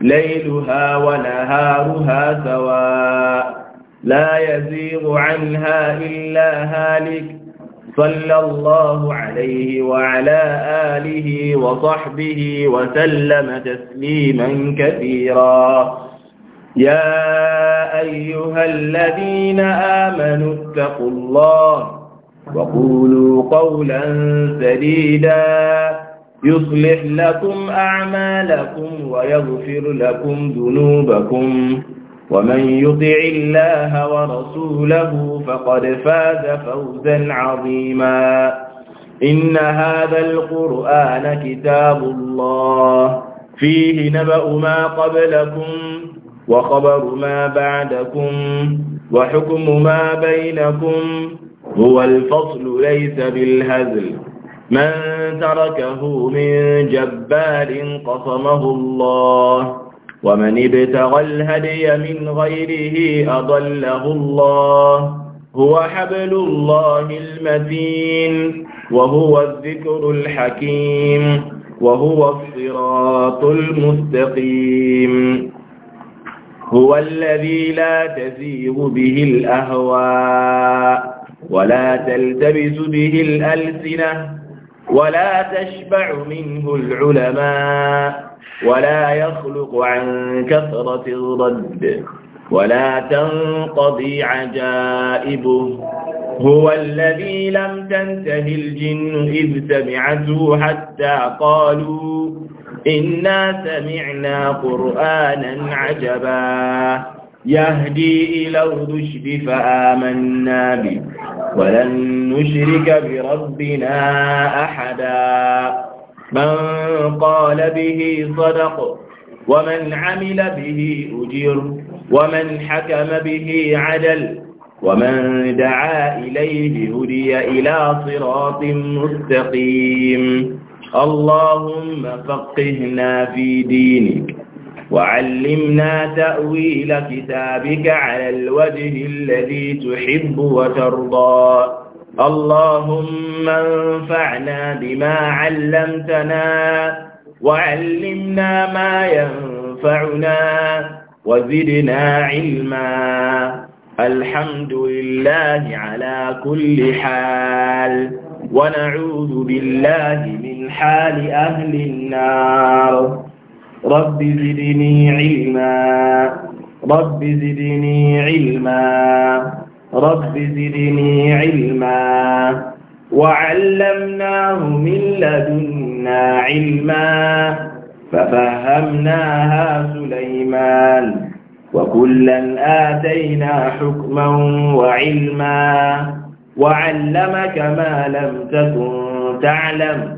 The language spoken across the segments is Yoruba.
ليلها ونهارها سواء لا يزيغ عنها إلا هالك صلى الله عليه وعلى آله وصحبه وسلم تسليما كثيرا يا أيها الذين آمنوا اتقوا الله وقولوا قولا سديدا يصلح لكم أعمالكم ويغفر لكم ذنوبكم ومن يطع الله ورسوله فقد فاز فوزا عظيما إن هذا القرآن كتاب الله فيه نبأ ما قبلكم وخبر ما بعدكم وحكم ما بينكم هو الفصل ليس بالهزل من تركه من جبار قصمه الله ومن ابتغى الهدي من غيره أضله الله هو حبل الله المتين وهو الذكر الحكيم وهو الصراط المستقيم هو الذي لا تزيغ به الأهواء ولا تلتبس به الألسنة ولا تشبع منه العلماء ولا يخلق عن كثرة الرد ولا تنقضي عجائبه هو الذي لم تنته الجن إذ سمعته حتى قالوا إنا سمعنا قرآنا عجبا يهدي إلى الرشد فآمنا به ولن نشرك بربنا أحدا من قال به صدق ومن عمل به أجير ومن حكم به عدل ومن دعا إليه هدي إلى صراط مستقيم اللهم فقهنا في دينك وعلمنا تأويل كتابك على الوجه الذي تحب وترضى اللهم انفعنا بما علمتنا وعلمنا ما ينفعنا وزدنا علما الحمد لله على كل حال ونعوذ بالله من حال أهل النار رب زدني علما رب زدني علما رب زدني علما وعلمناه من لدنا علما ففهمناها سليمان وكلا آتينا حكما وعلما وعلمك ما لم تكن تعلم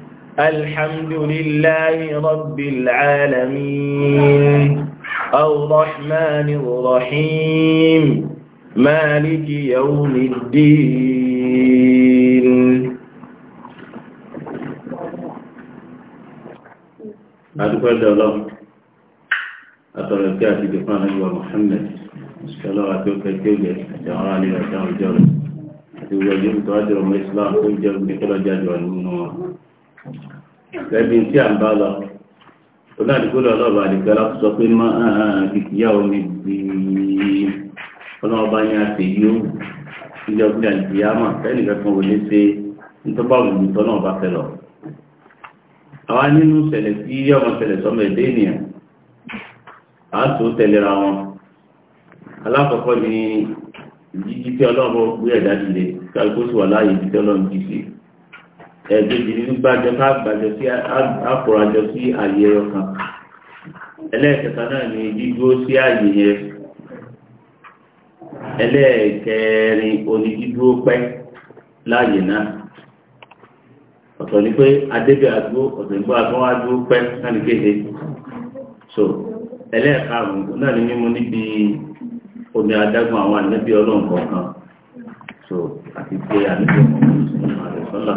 الحمد لله رب العالمين الرحمن الرحيم مالك يوم الدين أدوك الله أتركك في دفاع محمد صلاة وكتير جعلني وجعل جرس أتوجه تواجر الإسلام كل gẹ́gẹ́ tí a ń bá lọ olùdókòlò ọlọ́ọ̀bà àdìgbà láti sọ pé má kìkìyà omi ti ọlọ́ọ̀bá yẹn àti yóò ilé ọdún àdìgbà mà sẹ́ni kankan wò lè ṣe nítorí àwọn olùdókòlò náà bá fẹ́ lọ. àwa nínú ṣẹlẹ̀ tí ọmọ ṣẹlẹ̀ sọmọ ẹ̀dẹ́ ènìyàn á tó tẹ̀léra wọn alákọ̀ọ́kọ́ ni jíjí tí ọlọ́ọ̀bọ̀ gbé ẹ̀dá dìde kálukó sì wà láàyè jíjí ọlọ́ọ̀ ẹ̀ẹ́dẹ́jì ní gbájọ ká gbàjọ sí àpòràjọ sí ọkàn ẹlẹ́ẹ̀kẹta náà ni dídúró sí ààyè yẹn ẹlẹ́ẹ̀kẹrin onídídúró pẹ́ láàyè náà ọ̀tọ̀ ni pé adébẹ̀ àdúró ọ̀tọ̀ pẹ́ náà ní kéde so ẹlẹ́ẹ̀karùn-ún náà ni níbi omi adágún àwọn so àti pé sọ́lá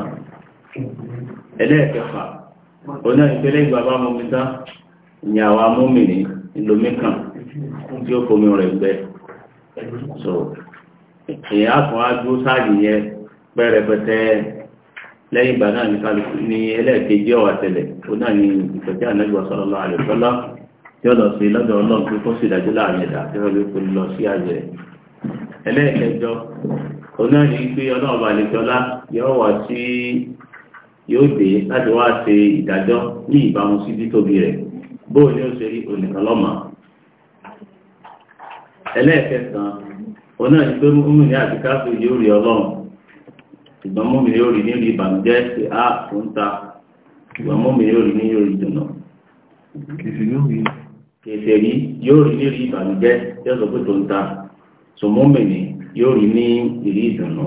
ẹlẹ́ẹ̀kẹfà oná ìpele ìgbàbá mọ́mítá ni àwa mọ́mìnì ìlòmíkàn tí ó fomi rẹ̀ gbẹ so èyàn kan á dúró sáàyè yẹn pẹ́rẹpẹtẹ lẹ́yìn ìgbà náà ní kálukú ní ẹlẹ́ẹ̀kejì ọ̀wà tẹ̀lẹ̀ oná ní ìpẹ̀tẹ́ ànágbà sọ̀rọ̀lọ́ àlùfọ́lá tí ó lọ sí lọ́dọ̀ ọlọ́run pé kó sì dájú láàrin ẹ̀dá tí wọ́n lè lọ sí àjẹ́ ẹlẹ́ẹ̀kẹjọ oná ní pé ọlọ́ọ̀bà àlejọ́lá yọ wà sí yóò dé láti wá ṣe ìdájọ́ ní ìbámu sí títóbi rẹ̀ bóò ni ó ṣe rí onìkan lọ́mọ. ẹlẹ́ẹ̀kẹsàn-án oná ní pé múmi ní àti káfíìn yóò rí ọlọ́run ṣùgbọ́n múmi yóò rí nílùú ìbànújẹ́ ṣe á tó ń ta ṣùgbọ́n múmi yóò rí ní yóò rí dùnà. kèsèrí yóò rí nílùú ìbànújẹ́ yóò sọ pé tó ń ta ṣùgbọ́n múmi yóò rí ní ìrí ìdùnà.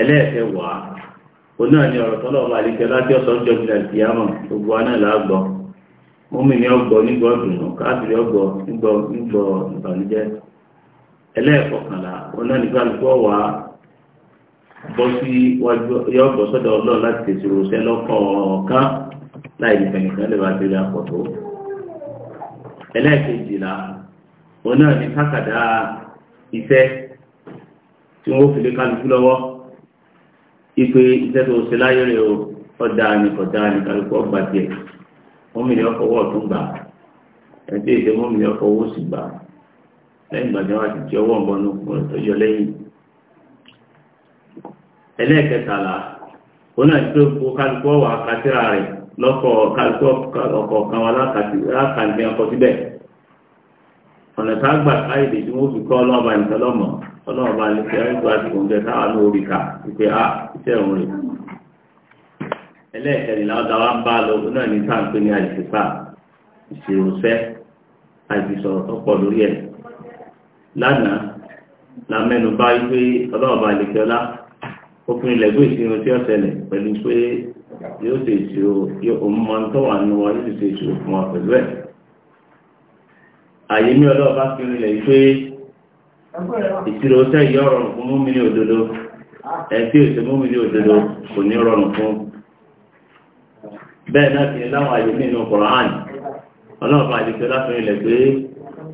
ẹlẹ́ẹ̀kẹwàá oní ni ọ̀rọ̀ tọ́lọ̀ ọba àlejò láti ọ̀sán jọ ìlà ìyámọ̀ gbogbo aná làágbọ́ mọ́mí ni ọgbọ́ nígbà ọdùnnú káàkiri ọgbọ́ nígbà nígbà ìbànújẹ́ ẹlẹ́ẹ̀kọ̀kànlá oná nígbà lùkọ́ wà bọ́ sí wájú yọ ọgbọ́ sọ́dọ̀ ọlọ́ọ̀ láti tètè rọṣẹ́ lọ́kọ̀ọ̀kan láì ní fẹ̀yìntàn lè bá tẹ̀lé àpọ̀tó ẹlẹ́ẹ̀kejìlá oná ni kákàdá iṣẹ́ tí wọ́n fi lé kálukú lọ́wọ́ ipe iṣẹ́ tó ṣe láyé rẹ̀ o ọ̀dà ni kọ̀dà ni kálukú ọgbà tiẹ̀ mọ́mìnì ọkọ̀ wọ̀ tún gbà ẹ̀dẹ́ ìṣe mọ́mìnì ọkọ̀ owó sì gbà lẹ́yìn ìgbà tí wọ́n ti ti ọwọ́ ọ̀bọnú tó yọ lẹ́yìn. ẹlẹ́ẹ̀kẹtàlá ó náà tó kó kálukú ọwọ́ akátírà rẹ̀ lọ́kọ̀ kálukú ọkọ̀ kan wà lákàntì ọkọ̀ síbẹ̀ ọ̀nà tá a gbà káyìdè tí wọ́n fi kọ́ ọlọ́ọ̀bà nìkan lọ́mọ̀ọ́ ọlọ́run bá lè fi ẹ̀rọ àsìkò ń jẹ káwà lórí wípé a ah, iṣẹ́ òun rè ẹlẹ́ẹ̀kẹrìnlá ọ̀dà wa ń bá lọ náà ní sáà ń pè ní àìsísà ìṣèròṣẹ́ àìsísọ̀rọ̀ tó pọ̀ lórí ẹ̀ lánàá la mẹ́nu bá wípé ọlọ́run bá lè fi ọlá ó fún ilẹ̀ gbé ìṣirò tí ó ṣẹlẹ̀ pẹ̀lú pé yóò ṣe ìṣirò òun mọ tó wà nínú wa yóò ṣe ìṣirò fún wa pẹ̀lú ẹ̀ àyè mi ọlọ́run fi rinlẹ̀ wípé ìṣirò tẹ́ yọ rọrùn fún múmìnì òdodo ẹ̀tí òṣè múmìnì òdodo kò ní rọrùn fún bẹ́ẹ̀ náà fi láwọn àyè nínú Qur'an ọlọ́ọ̀fà àdìsọ láti rìnlẹ̀ pé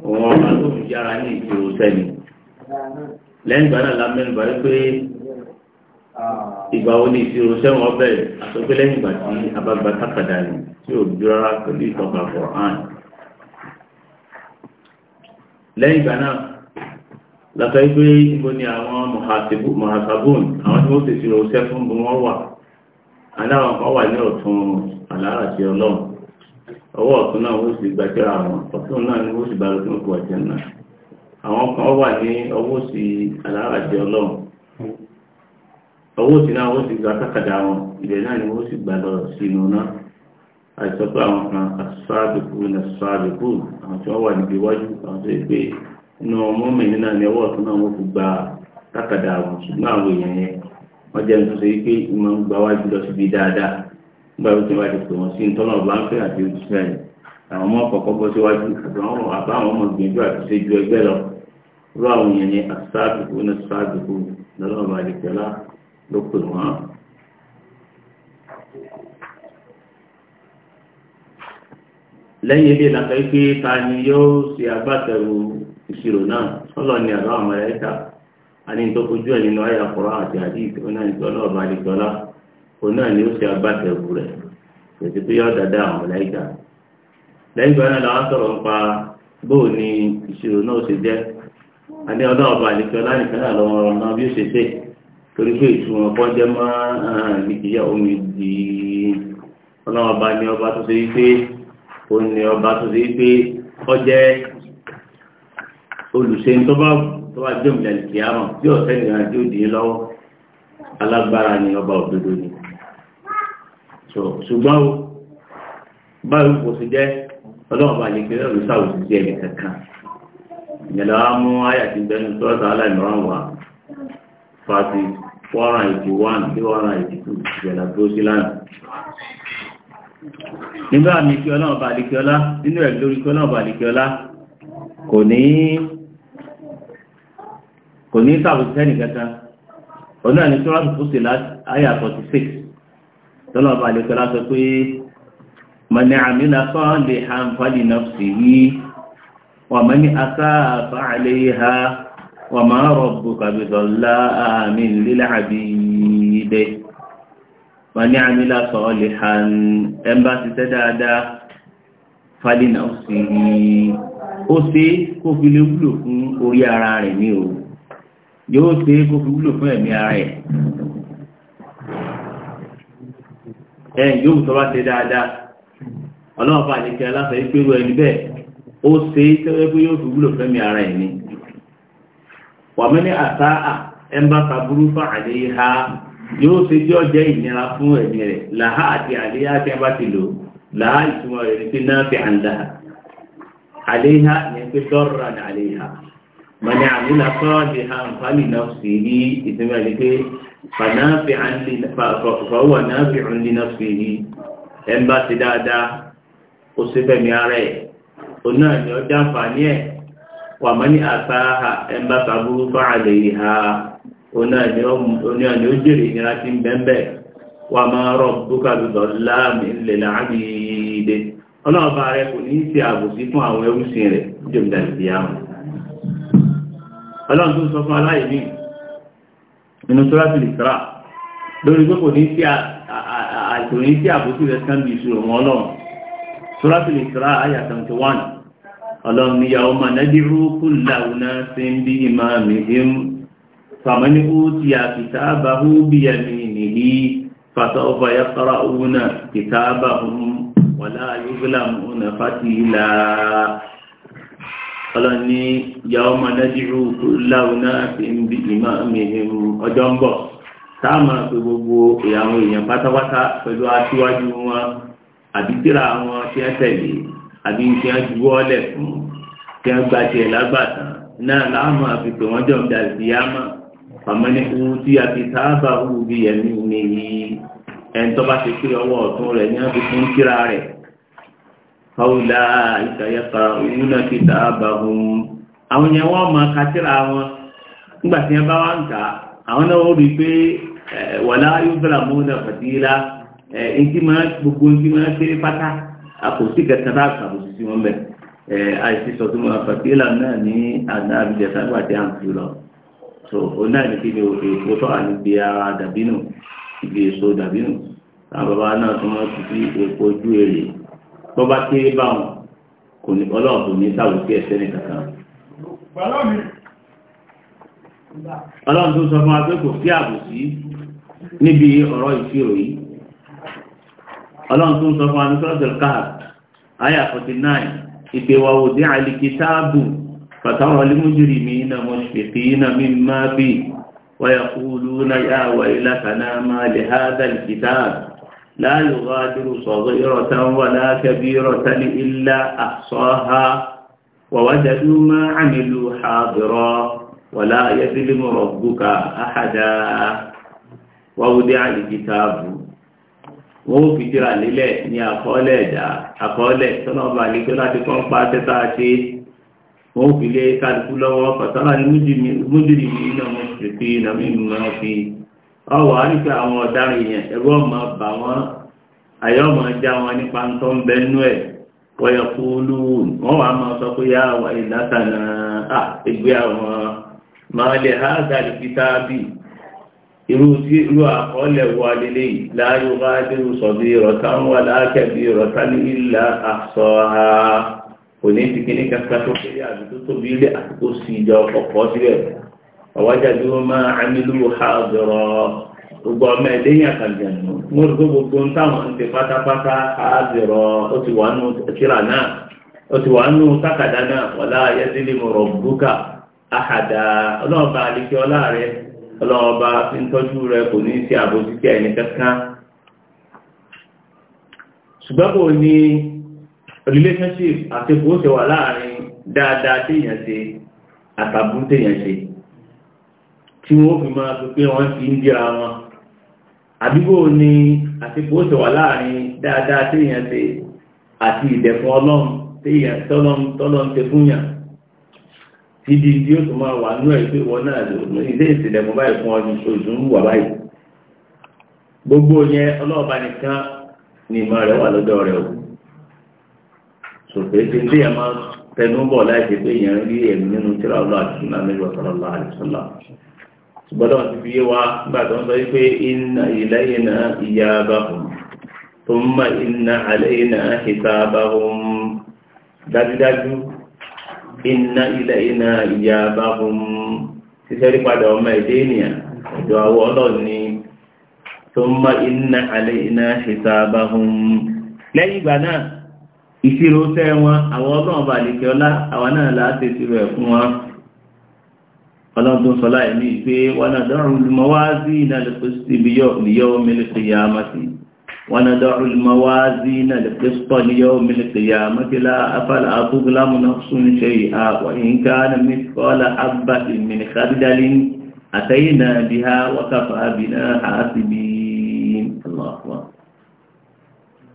òun ọba tó ń yára ní ìṣirò tẹ́ni lẹ́yìn ìgbà náà lámẹ́nu bá pé ìgbà wo ni ìṣirò sẹ́wọ̀n ọbẹ̀ àtọ́gbé lẹ́yìn ìgbà tí abágbá tákàdá ni tí ò dúró pẹ̀lú ìtọ́ka Qur'an lẹ́yìn ìgbà náà lata yìí pé ni awon mohasabun àwọn tí won ti fi rọ̀ṣẹ́ fún kan wà ní alara aláràṣẹ ọlọ́run ọwọ́ otun naa wọ́n si gbàjẹ́ awon otun náà ni wọ́n si bá otun kan wà ní si alara aláràṣẹ ọlọ́run ọwọ́ si náà wọ́n si gba kákàdá wọn ibẹ̀ ni wọ́n si gbà lọ sínú àìsọ pé àwọn kan ní àwọn inú ọmọ mẹ́rin náà ní ọwọ́ ọ̀tún náà wọ́n fi gba kákàdá àwọn ṣùgbọ́n àwọn èèyàn yẹn wọ́n jẹ́ nítorí pé ìmọ̀ ń gba wájú lọ síbi dáadáa nígbà tó ti wá ti pè wọ́n sí nítorí ọ̀bá ń pè àti òṣìṣẹ́ rẹ̀ àwọn ọmọ kọ̀ọ̀kan bọ́ síwájú àbá àwọn ọmọ gbìyànjú àti ṣe ẹgbẹ́ lọ rú àwọn èèyàn yẹn àṣáàbùkù ní ìṣirò náà sọ́lọ́ ni àlọ́ àwọn ẹ̀ka àní tó fojú ẹ̀ nínú àyà kọ̀rọ̀ àti àdìsí ọ̀nà ìjọlọ́ ọba àdìsọ́lá òun náà ni ó ṣe agbátẹ̀wù rẹ̀ pèsè pé yọ̀ dáadáa àwọn ẹ̀ka lẹ́yìn ìgbà náà làwọn sọ̀rọ̀ nípa bóò ni ìṣirò náà ṣe jẹ́ àní ọlọ́ ọba àdìsọ́lá nìkan náà lọ́wọ́ náà bí ó ṣe ṣe torí pé ìtumọ̀ kan jẹ́ mọ́ ìdíyà omi di ọlọ́wọ́ ni ọba tó ṣe wípé ó ọ olùsẹ́yìn tó bá tó bá jẹ́ òmìnira ìkè àmọ́ tí ọ̀sẹ́ nìkan tí ó dì í lọ́wọ́ alágbára ni ọba òdodo ni ṣùgbọ́n o báyìí kò sí jẹ́ ọlọ́run bá lè pe lọ́rùn sáwùsì sí ẹni kankan ìyẹn lọ́wọ́ mú àyàtì bẹnu sọ́ọ̀tà aláìmọ̀ràn wà fàtí four hundred eighty one tó sí lánàá nígbà mi kí ọlọ́run lè kí ọlá nínú ẹ̀ lórí kí ọlọ́run lè kí ọlá kò ní kò ní sàbùkù sẹ́ni kẹta ọ̀nà ní sọ́ràtù fúsì láti àyà 46 tọ́lọ̀ bá lè kọ́lá sọ pé mọ̀nì àmìlà sọ́ọ́n lè ha ń fàdí nafsi yìí wà mọ́ ní asá àfà àlẹ́ ha wà má rọ̀bù kàbìdọ̀lá àmì lílà àbídẹ́ mọ̀nì àmìlà sọ́ọ́n lè ha ń ẹmbà ṣiṣẹ́ dáadáa fàdí nafsi yìí ó ṣe kó fi lè wúlò fún orí ara rẹ̀ ní òun yóò ṣe é kó fi wúlò fún ẹ̀mí ara ẹ̀ ẹ̀ yóò sọ bá ṣe dáadáa ọlọ́run bá ní aláṣẹ ìpérò ẹni bẹ́ẹ̀ ó ṣe é tẹ́wẹ́ pé yóò fi wúlò fún ẹ̀mí ara ẹ̀ ni wàmí ní àtàà ẹ̀ ń bá kaburú fún ha yóò ṣe jọ́ jẹ́ ìnira fún ẹ̀mí rẹ̀ làhá àti fi àǹdà ha pé dọ́rọ̀ mọ̀nì Amina sọ́ọ̀dì ha náà sì rí ìsinmi ní pé fàwọ̀ náà fi hàn lè náà sì rí ẹ̀ ti dáadáa ó sì fẹ̀mí ara ẹ̀ òun na ni ọjà àǹfààní ẹ̀ wà mọ́ni àtàhà bá sàbúrú fáàlè ìhà òun náà ni ó jèrè ìnira tí ń ọlọ́run tó sọ fún aláìní inú sọ́rọ́sì lè sọ́ra lórí pé kò ní sí àìsàn ní sí àbòsí rẹ̀ kan bí ìṣòro wọn ọlọ́run sọ́rọ́sì lè sọ́ra àyà 71 ọlọ́run ni yàwó máa nẹ́bí sí ń bí ìmọ̀ mìíràn fàmọ́ni ó ti àkìtà àbáhú bí ẹ̀mí nìyí فسوف يقرؤون كتابهم ولا يظلمون فتيلا ọlọ́ni yàwó mọ̀lẹ́dìrú láwùná ìbí ìmọ̀ mi ọjọ́ ń bọ̀ táàmù pé gbogbo ìyàwó èèyàn pátápátá pẹ̀lú aṣíwájú wọn àbí tíra wọn tí wọ́n tẹ̀lé àbí tí wọ́n juwọ́ lẹ̀ fún tí wọ́n gba tiẹ̀ lágbàtàn náà láàmú àfipè wọ́n jọ̀ ń da ìyámà àmọ́ ní kú tí a fi sáábà hù bí ẹ̀mí mi yìí ẹ̀ ń tọ́ bá ti pé ọwọ́ ọ̀tún rẹ̀ ní wọ́n fún tíra rẹ̀ fáwùlà ìtàyẹ̀fà òyìnbó kìtà àbàhùn àwọn yẹn wọ́n máa kátìrà wọn nígbà tí wọ́n bá wá ń ta àwọn náà ó rí pé wàlá yóò bẹ̀rẹ̀ mọ́nà fàdílà ẹ̀ẹ́dì máa gbogbo ẹ̀ẹ́dì máa kéré pátá àkòsí kẹtàdá àkàbòsí sí wọn bẹ̀ àìsí sọ̀tún mọ́nà fàdílà náà ní àná àbíjẹta nígbà tí a ń fi lọ so òun náà ní kí ni òtọ́ àníbi ara dàbínú ibi èso dàbínú àwọn bàbá náà tún wọ́n ti fi ojú èrè tó bá kéré kò ní ọlọ́run kò ní sáwọ́ sí ẹsẹ̀ ní kankan. ọlọ́run tó sọ fún wa pé kò sí àbòsí níbi ọ̀rọ̀ ìṣirò yìí ọlọ́run tó sọ fún wa ní káà àyà forty nine ìgbéwà لا يغادر صغيرة ولا كبيرة إلا أحصاها ووجدوا ما عملوا حاضرا ولا يظلم ربك أحدا ووضع الكتاب wọ́n fi jìrà lílẹ̀ ní àkọọ́lẹ̀ ẹ̀dá àkọọ́lẹ̀ tọ́lọ́ba àlejò láti kọ́ ń pa tẹ́ta ṣe wọ́n fi lé kálukú lọ́wọ́ pàtàkì mújìrì ní ìnáwó ọwọ́ àríkà àwọn ọ̀daràn yẹn ẹ̀rọ ọmọ bà wọ́n àyọ́ já wọn nípa ń tọ́ ń bẹ ẹ̀ wọ́yọ̀ kú wọ́n máa sọ pé yá ẹgbẹ́ àwọn irú irú àkọọ́lẹ̀ wà lélẹ̀ láàyò bá dérú sọ̀bí ń wà ní ìlà àṣọ ha kò ní ti kíní kankan tó kéré àbí tó tóbi ilé àti ọ̀wájájú máa amílù hàdọ̀rọ̀ gbogbo ọmọ ẹ̀dẹ́ yẹn àkàlùjẹ̀nu mo rí gbogbo ń táwọn ń ti pátápátá hàdọ̀rọ̀ ó ti wà nù kíra náà ó ti wà nù tákàdá náà wàlá ayẹ́dílé mo rọ̀ àhàdà ọlọ́ọ̀bà àlekẹ́ ọlá ọlọ́ọ̀bà fi ń tọ́jú rẹ kò ní í àbójútì ẹni kankan ṣùgbọ́n kò ní relationship àti kò ó ṣe wà láàrin dáadáa téèyàn ṣe àtàbùn téèyàn ṣe tí wọ́n fi máa fi pé wọ́n fi ń dira wọn àbíbò ni àtipò ṣe wà láàrin dáadáa tí èèyàn ṣe àti ìdẹ̀fún ọlọ́run tí èèyàn tọ́lọ́run ṣe fún yàn tí di tí ó tún máa wà nú ẹ̀ pé wọ́n náà lò ilé ìsìnlẹ̀mú báyìí fún ọdún oṣù ń wà báyìí gbogbo yẹn ọlọ́ọ̀bá nìkan ni ìmọ̀ rẹ̀ wà lọ́dọ̀ rẹ̀ o sòfè tí ń tẹ̀yàn máa tẹnu bọ̀ láì pé èèyàn rí ẹ̀mí nínú tíra ọlọ́ àti gbọ́dọ̀ ti fi yé wa nígbà tó ń sọ wípé inna ilayna iyabahum thumma inna alayna hisabahum dájúdájú inna ilayna iyabahum ṣiṣẹ́ rí padà ọmọ èdè ènìyàn ọ̀dọ̀ àwọ̀ ọlọ́ọ̀ni thumma inna alayna hisabahum lẹ́yìn ìgbà náà ìṣirò sẹ́ wọn àwọn ọlọ́ọ̀bà àlèkè ọlá àwọn náà láti ṣirò ẹ̀ fún wọn ọlọ́run tó sọ láì ní pé wanada'u al-mawazina al-qist li yawmi al-qiyamati wanada'u al-mawazina al-qist li yawmi al-qiyamati fala tuzlamu nafsun shay'an wa in kana mithqala habbatin min khardalin atayna biha wa kafa bina hasibin Allahu akbar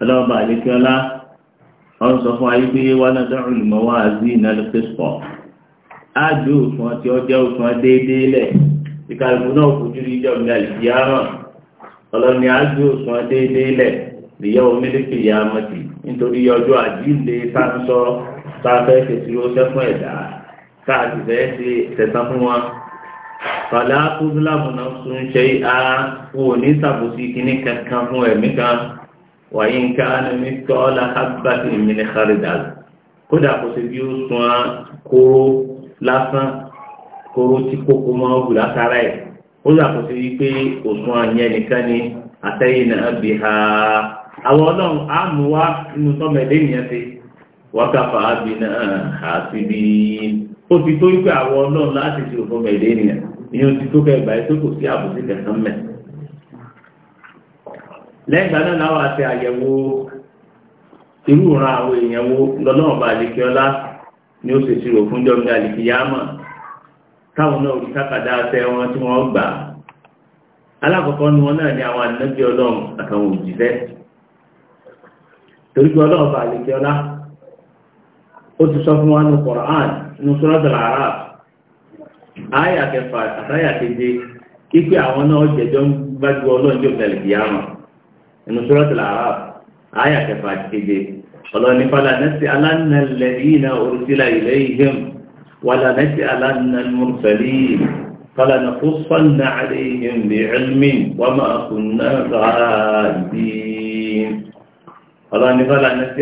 ọlọ́run bá àlekẹ́ọ́lá ọ̀rọ̀ sọ fún ayé pé wanada'u al-mawazina al-qist á ju òṣùwọ̀n tí ó jẹ́ òṣùwọ̀n déédéé lẹ̀ tí kálukú náà fojú rí ìjọ mi àlìkí àrùn ọlọ́ni á ju òṣùwọ̀n déédéé lẹ̀ lèyẹ omi lékè ìyá amọ̀tì nítorí ọjọ́ àjíǹde sáńsọ sáfẹ́ ṣètìlú sẹ́fún ẹ̀dá káàdì fẹ́ ṣe tẹ̀sán fún wọn fàlà kúzúlámù náà tún ṣe á wọn ò ní sàbòsí kíní kankan fún ẹ̀mí kan wàyí nǹkan ẹni tọ́lá hábàtì ìmìnira rẹ̀ dàlù lásán koro tí kókó máa wù látara ẹ̀ ó yàtọ̀ sí wípé òsùn àyẹn nìkan ni na náà ha àwọn ọlọ́run á mú wá nínú tọ́mẹ̀lẹ́ ìyẹn ti wákàfà ábì náà àti bí ó ti tó wípé àwọn ọlọ́run láti ṣe òfin mẹ̀lẹ́ ìyẹn ìyẹn ti tó kẹ́ ìgbà yẹn tó kò sí àbòsí kẹsàn-án mẹ́ lẹ́yìn ìgbà náà láwọn àti àyẹ̀wò irú ìran àwọn èèyàn wo lọ́lọ́run ni ó ṣe ṣírò fún jọ́mi àlìkìyàmọ̀ táwọn náà rí kákàdá ṣẹ wọn tí wọ́n gbà alákọ̀ọ́kọ́ ni wọn náà ní àwọn ànábì ọlọ́run àtàwọn òjìṣẹ́ torí pé ọlọ́run bá àlìkì ọlá ó ti sọ fún wa ní Qur'an ní Suratul A'raf àyà kẹfà àtàyà keje kíkẹ́ àwọn náà jẹjọ́ ń gbájú ọlọ́run jọ́mi àlìkìyàmọ̀ ní Suratul A'raf àyà kẹfà keje ọlọ́ni fọ́lá nẹ́sì alánàlẹ̀ ìnà orísìlá ilẹ̀ ihim wàlá nẹ́sì alánàlmùsẹ̀lì fọ́lá na kó sọ́nà àlẹ́ ihim bí ẹlmi wọ́n máa kùn náà sáàbí ọlọ́ni fọ́lá nẹ́sì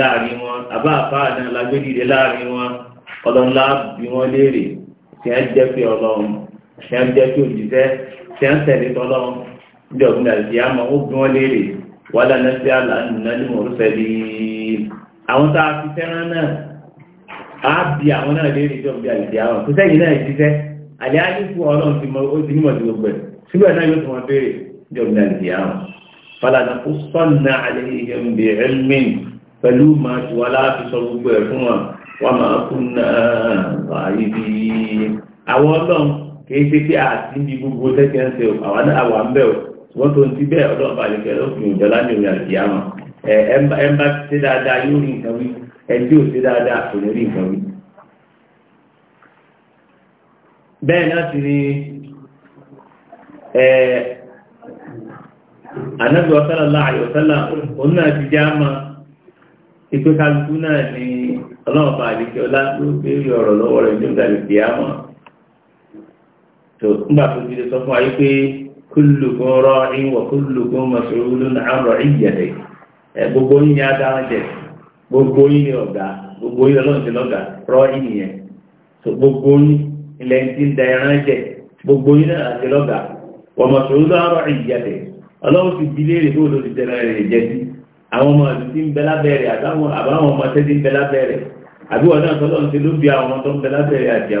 láàrin wọn àbá àfáà náà lágbédìdé láàrin wọn ọlọ́run lá bí wọ́n léèrè tí wọ́n jẹ́ pé ọlọ́run tí wọ́n jẹ́ pé òjìṣẹ́ tí wọ́n tẹ̀lé tọ́lọ́run ní ọ̀gbìn àti àmọ́ ó bí wọ́n léèrè wà lánàá sí àlànà ní mọ̀rúfẹ́ lè àwọn tá a fi fẹ́ràn náà á bí àwọn náà léèrè tí ọ̀gbìn àti àmọ́ kò sẹ́yìn náà jíṣẹ́ àlẹ́ àdínkù ọlọ́run ti mọ ó ti nímọ̀ sí gbogbo ẹ̀ síbẹ̀ náà yóò tún wọn béèrè ní ọ̀gbìn àti àmọ́ falànà kó sọ́nà àlẹ́ ìyẹn bẹ̀rẹ̀ mí pẹ̀lú màá ti wà láàfin sọ gbogbo ẹ̀ fún wọn wọ́n máa kún náà wáyé bí àwọn ọlọ́run kìí ṣe pé àti ibi gbogbo tẹ́kẹ́ ń ṣe àwọn náà wà ń bẹ̀ o wọ́n tó ń ti bẹ́ẹ̀ ọlọ́run bá lè kẹ́lọ́ fún ìjọ láti ìrìn àti àmọ́ ẹ bá ti ṣe dáadáa yóò rí nǹkan wí ẹ tí ò ṣe dáadáa kò ní rí nǹkan wí. bẹ́ẹ̀ náà ti ní ànábì sallallahu alaihi wasallam òun náà ti já máa ìpé kálukú náà ni ọlọ́ọ̀bà àdìkẹ́ ọlá ló béèrè ọ̀rọ̀ lọ́wọ́ rẹ̀ nígbà lè fi àmọ́ tó nígbà tó ti lè sọ fún ayé pé kullukum ra'in wa kullukum mas'ulun 'an ra'iyyatihi gbogbo ni àwọn ọmọ ìlú ń bẹ lábẹ́rẹ̀ àbáwọn ọmọ tẹ́tí ń bẹ lábẹ́rẹ̀ àbí wọn náà ti ló bí àwọn ọmọ tó ń bẹ lábẹ́rẹ̀ ló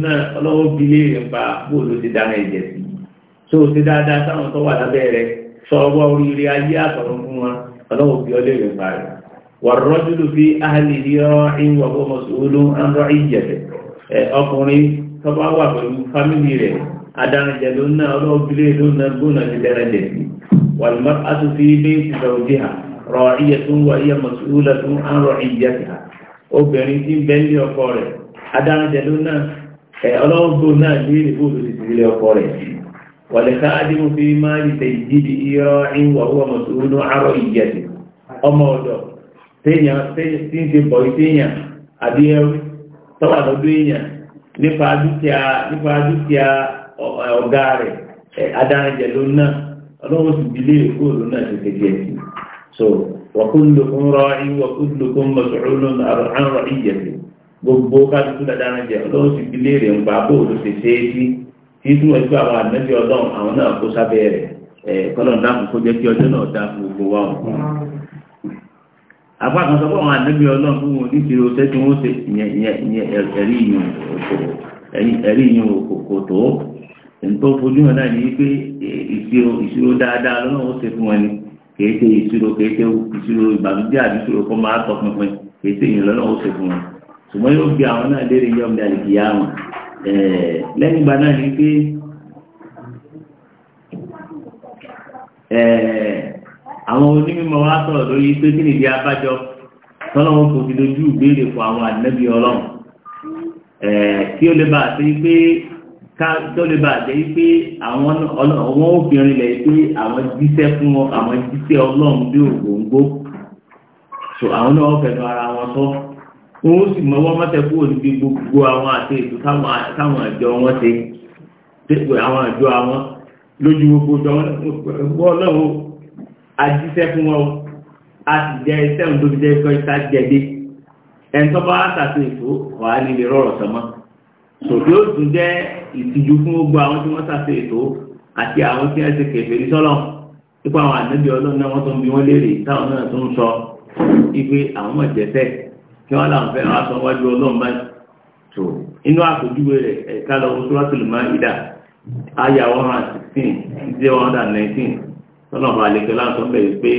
náà ọlọ́wọ́ bí pa bóòlù ti sí so ti dáadáa sáwọn tó wà lábẹ́ rẹ̀ sọ ọwọ́ ọlọ́wọ́ fi ọlẹ́ rẹ̀ parí wà rọ́júlù fi áhàlì rọ́ìn wà fún mọ̀sùlùmí ń rọ́ ìjẹ̀lẹ̀ ọkùnrin tó bá wà pẹ̀lú fámìlì rẹ̀ adarajẹ̀ ló ń ná ọlọ́ọ̀bílẹ̀ ló ń ná gbóná ní dẹ́rẹ́dẹ̀ sí wàlúmọ́ àtúnfi ilé ìtìsọ̀ òjì wàlẹ̀káàdínú fi máa ń tẹ̀ ìdíbi irọ́ ìwọ̀ owó mọ̀sùlùmí àárọ̀ ìyẹ̀sì ọmọ ọ̀dọ̀ tí ń ṣe bọ̀ ìtẹ́yàn àbí ẹrú tọ́wà lọ́dún èèyàn nípa dúkìá ọ̀gá rẹ̀ adáranjẹ ló ná ọlọ́wọ́ sì bílé èkó ló náà ti tẹ̀lé ẹ̀sìn so wàkúndùkún rọ ìwọ̀kúndùkún mọ̀sùlùmí àárọ̀ ìyẹ̀sì gbogbo káàdùkú adáranjẹ ọlọ́wọ́ sì bílé rẹ̀ ń pa bóòlù ṣe ṣe é sí títú ẹgbẹ́ àwọn ànábì ọlọ́run àwọn náà kó sábẹ́ rẹ̀ ẹ̀ kó jẹ́ kí ọjọ́ náà dá fún gbogbo wa o. apá sọ pé ọlọ́run fún wọn nítorí oṣẹ́ tí wọ́n ṣe ẹ̀rí ìyún tó tó fojú hàn náà ní pé ìṣirò dáadáa lọ́nà ó ṣe fún ni ìṣirò ìṣirò ìbànújẹ́ àbí ìṣirò máa lọ́nà ó ṣe fún wọn ṣùgbọ́n yóò gbé àwọn náà Eh, lẹ́yìn ìgbà náà ni pé eh, àwọn onímọ̀ wa sọ̀rọ̀ lórí pé kí nìdí abájọ tọ́lọ́wọ́ kò fi dojú ìbéèrè fún àwọn ànábì ọlọ́run eh, kí ó lè bá àti pé tó lè bá àjẹ́ pé àwọn òfin ilẹ̀ pé àwọn jíṣẹ́ fún wọn àwọn jíṣẹ́ ọlọ́run bí ògbóǹgbó so àwọn náà fẹ̀dọ̀ ara wọn sọ́ọ́ wọn ó sì mọ́wọ́ mọ́tẹ́ kúrò níbi gbogbo àwọn àti ètò táwọn àjọ wọn ṣe pé àwọn àjọ àwọn lójú gbogbo jọ wọn ọlọ́run ajíṣẹ́ fún wọn a sì jẹ iṣẹ́ òun tó fi jẹ́ ikọ́ ìta jẹ̀dé ẹni tó bá ṣàṣe ètò wàá nílé rọrọ̀ sọmọ́ tòbí ó tún jẹ́ ìtìjú fún gbogbo àwọn tí wọ́n ṣàṣe ètò àti àwọn tí wọ́n ṣe kẹfẹ́ ní sọ́lọ́ nípa àwọn ànábì ọlọ́run náà wọ́n tó ń bi wọ́n léèrè táwọn náà tó ń sọ ipe àwọn mọ̀jẹ̀fẹ́ tí wọ́n láwọn fẹ́ràn aṣọ wájú ọlọ́run báyìí tó inú àpèjúwe rẹ̀ ẹ̀ka lọ fún suratul Maida àyà one hundred sixteen sí one hundred nineteen tọ́nà bá lè kẹ́lá sọ bẹ́ẹ̀ pé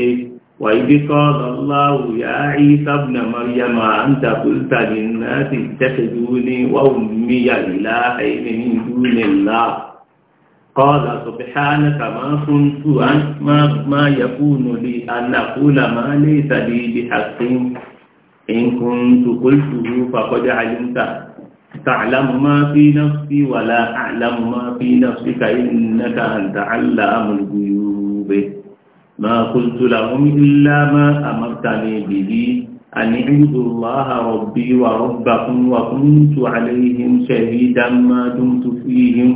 wàyíbí kọ́ lọ́láwù yá Isa ibn Maryam anta qulta linnasi ittakhiduni wa ummiya ilahayn min dunillah قال سبحانك ما كنت ما, ما يكون لي أن أقول ما ليس لي بحق إن كنت قلته فقد علمت تعلم ما في نفسي ولا أعلم ما في نفسك إنك أنت علام الغيوب ما قلت لهم إلا ما أمرتني به أن اعبدوا الله ربي وربكم وكنت عليهم شهيدا ما دمت فيهم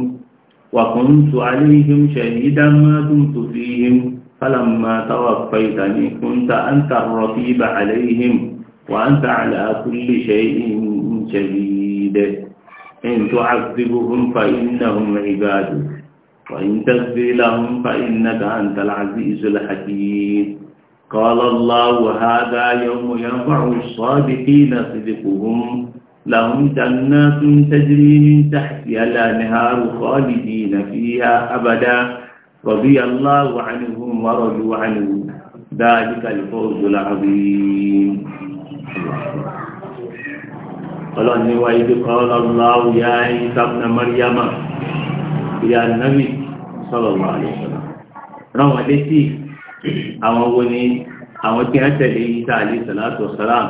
وكنت عليهم شهيدا ما دمت فيهم فلما توفيتني كنت أنت الرقيب عليهم وأنت على كل شيء شهيد إن تعذبهم فإنهم عبادك وإن تغفر لهم فإنك أنت العزيز الحكيم قال الله هذا يوم ينفع الصادقين صدقهم لهم جنات تجري من تحتها الأنهار خالدين فيها أبدا رضي الله عنهم ورضوا عنه ذلك الفوز العظيم ọlọ́ni wa ibi kan ọlọ́láwù ya ìsàmùnà mọ́ríyámà ìyá nàbì sọ̀rọ̀ wà lẹ́sọ̀rọ̀ rán wọn létí àwọn wo ni àwọn tí wọ́n tẹ̀lé Ìsá àlè sàlátù sàlám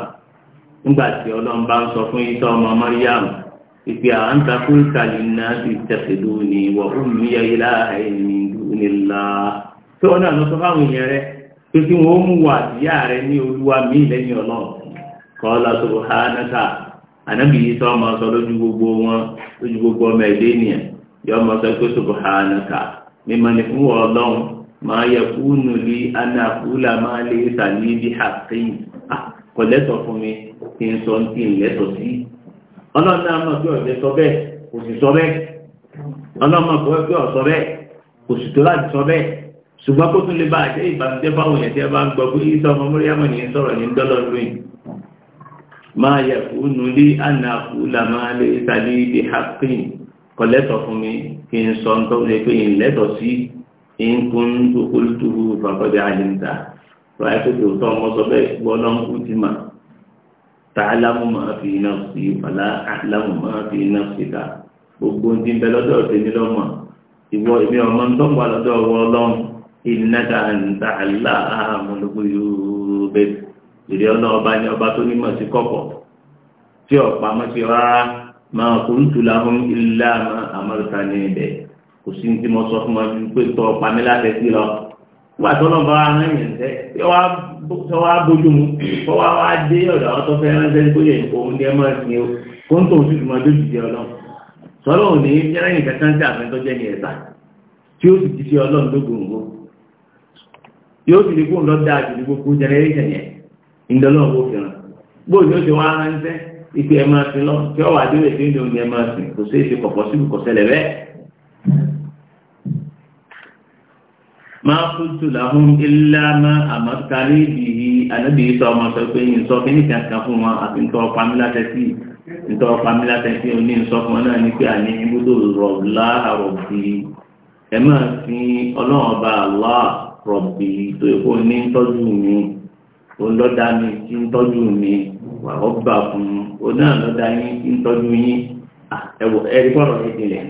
nígbà tí ọlọ́run bá ń sọ fún Ìsá ọmọ mọ́ríyámà ìpè à takú ìkàlì náà ti tẹ̀sídó ni wọ́n ó mú yẹ ilá ẹ̀yìn nílá tí wọ́n náà lọ sọ fáwọn èèyàn rẹ̀ pé kí wọ́n mú wà ìyá rẹ̀ ní olúwa mí lẹ́yìn ọlọ́run kọ́lá subhanaka anabi yìí sọ ọmọ sọ lójú gbogbo wọn lójú gbogbo ọmọ ẹ̀dẹ́ ènìyàn yọ ọmọ sọ pé subhanaka mímọ ni fún wọn máa yẹ kúnnù lí anáfúlà máa lè sàlí bí àtẹyìn kò lẹ́tọ̀ fún mi kí n sọ tí n lẹ́tọ̀ sí náà pé sọ kò sì sọ pé kò sì tó láti sọ máa yẹ kúnnú lé ànàkú làmàlẹ́ ìtàlẹ́ ibi haqqin kọ̀lẹ́tọ̀ fún mi kí n sọ tó lè pé n lẹ́tọ̀ sí n kún tó olùtúrú fàkọ́jà àyíǹda wáyé tó tó tọ́ ọmọ sọ bẹ́ẹ̀ gbọ́dọ̀ ń kú ti mà tààlámù máa fi iná sí ìfàlà àlámù máa fi iná síta gbogbo ti bẹ lọ́dọ̀ tèmi lọ́mọ ìwọ ìmí ọmọ ń tọ́gbà lọ́dọ̀ wọ́ lọ́n ìnáta ń ta àlá àmúlùkù yóò bẹ́ẹ̀ ìrẹ́ ọ̀nà ọba ní ọba tó nímọ̀ sí kọ̀kọ̀ tí ọ̀pá mọ́ sí rárá máa kó ń tu láhùn ilé àmọ́ amọ́ríkà ní ibẹ̀ kò sí ní tí mo sọ fún ọ ju pé tọ́ ọ̀pá mi láti sí lọ. wọ́n àti ọlọ́ba wa rán yẹn tẹ́ tọ́ wa bójú mu tọ́ wa wá dé ọ̀dọ̀ àwọn tó fẹ́ ránṣẹ́ tó yẹ òun ní ẹ máa ń sin o kó ń tó oṣù tó máa dójú di ọlọ́run sọ́lọ́ òní yẹ́rẹ́yìn kankan tí àfẹ́ntọ́jẹ́ ní ẹ̀ta tí ó sì ti ṣe ọlọ́run lógun òun yóò sì ní kó ń lọ dáa ju ní gbogbo jẹrẹ ìdọ́lọ́wọ́ fìràn bóòlù ó ti wá ránṣẹ́ ipe ẹ̀ máa sin lọ tí ọ̀wà àdéhùn ètò ìdí omi ẹ̀ máa sin kò sí èsì kọ̀pọ̀ síbi kò ṣẹlẹ̀ bẹ́ẹ̀. máa fún tùlà fún ilá máa ìdìhì ànábì sọ ọmọ sọ pé ìsọ kí nìkan kan fún wọn àti ntọ́rọ pamílátẹ́ sí ntọ́rọ pamílátẹ́ sí fún wọn náà ní pé àní ibùdó rọ̀ láàrọ̀ bí ẹ o lọ mi tí ń tọ́jú mi wà ó bà fún ó náà yín tí ń tọ́jú yín ẹ̀wọ̀ ẹ̀rí kọ́rọ̀ ẹ̀ tilẹ̀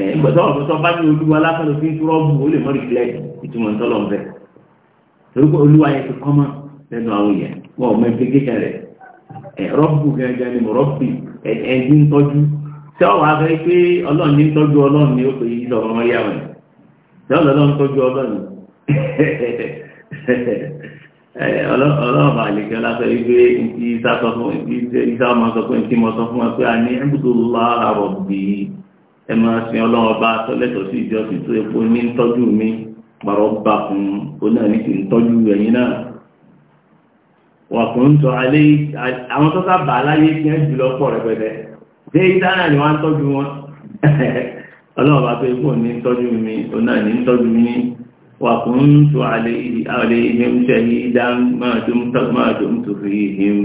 ẹ̀ gbọ́dọ̀ ọ̀rọ̀ bá ní olúwa lásán túrọ́bù ó lè mọ́ rìflẹ́t ìtumọ̀ ntọ́lọ̀ nbẹ torí olúwa yẹn ti lẹ́nu àwọn yẹn wọn ò mọ rọ́bù gẹ́gẹ́ ni mo pé ọlọ́ọ̀bà àlejò lásán wípé ìsá sọ fún ìsá ọmọ sọ fún ìtìmọ̀ sọ fún ẹ pé a ní ẹ̀bùdó lára ọ̀bì ẹ máa sin ọlọ́ọ̀bà tọ́lẹ̀tọ̀ sí ìjọsìn tó epo ní tọ́jú mi pàrọ̀ bá fún un náà tọ́jú ẹ̀yìn náà. wà fún tọ́ alẹ́ àwọn tó sábà aláyé fi hàn jùlọ pọ̀ rẹpẹtẹ ṣé ìdá náà ni wọ́n tọ́jú wọn ọlọ́ọ̀bà tó epo ní ń tọ́jú mi وكنت عليه عليهم شهيدا ما دمت ما دمت فيهم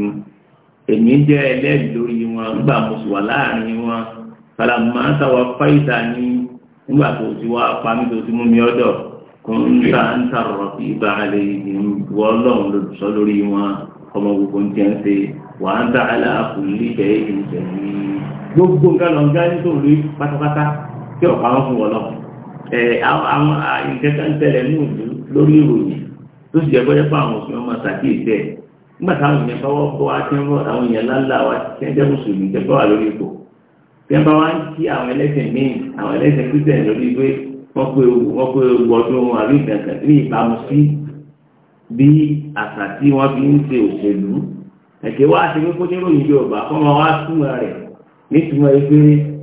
èmi jẹ́ ẹlẹ́rìí lórí wọn nígbà mo sì wà láàrin wọn falamma tawaffaita ní nígbà tó ti wá pamí tó ti mú mi ọ̀dọ̀ kunta anta raqiba alayhim ìwọ ọlọ́run lòdùsọ lórí wọn ọmọ gbogbo ń jẹ́ ń ṣe wa anta ala kulli shay'in gbogbo nǹkan lọ́njá nítorí pátápátá tí ọ̀pá wọn fún wọn lọ́wọ́ àwọn nǹkan kan tẹ̀lẹ̀ ní òdu lórí ìròyìn tó sì jẹ́ gbọ́dẹ́ fún àwọn òfin ọmọ sàkíyèsí ẹ̀ nígbà táwọn èèyàn bá wọ́ bọ́ wá tí wọ́n àwọn èèyàn láńlá wa tí wọ́n jẹ́ mùsùlùmí jẹ́ bọ́ wà lórí ipò tí wọ́n bá wá ń kí àwọn ẹlẹ́sìn míì àwọn ẹlẹ́sìn kristian lórí pé wọ́n pé wọ́n pé wọ́dún àbí ìgbàkan ní ìbámu sí bí àṣà tí wọ́n fi ń ṣe òṣèlú ẹ̀kẹ́ wá ṣe pé kó ní ròyìn Yorùbá fọ́n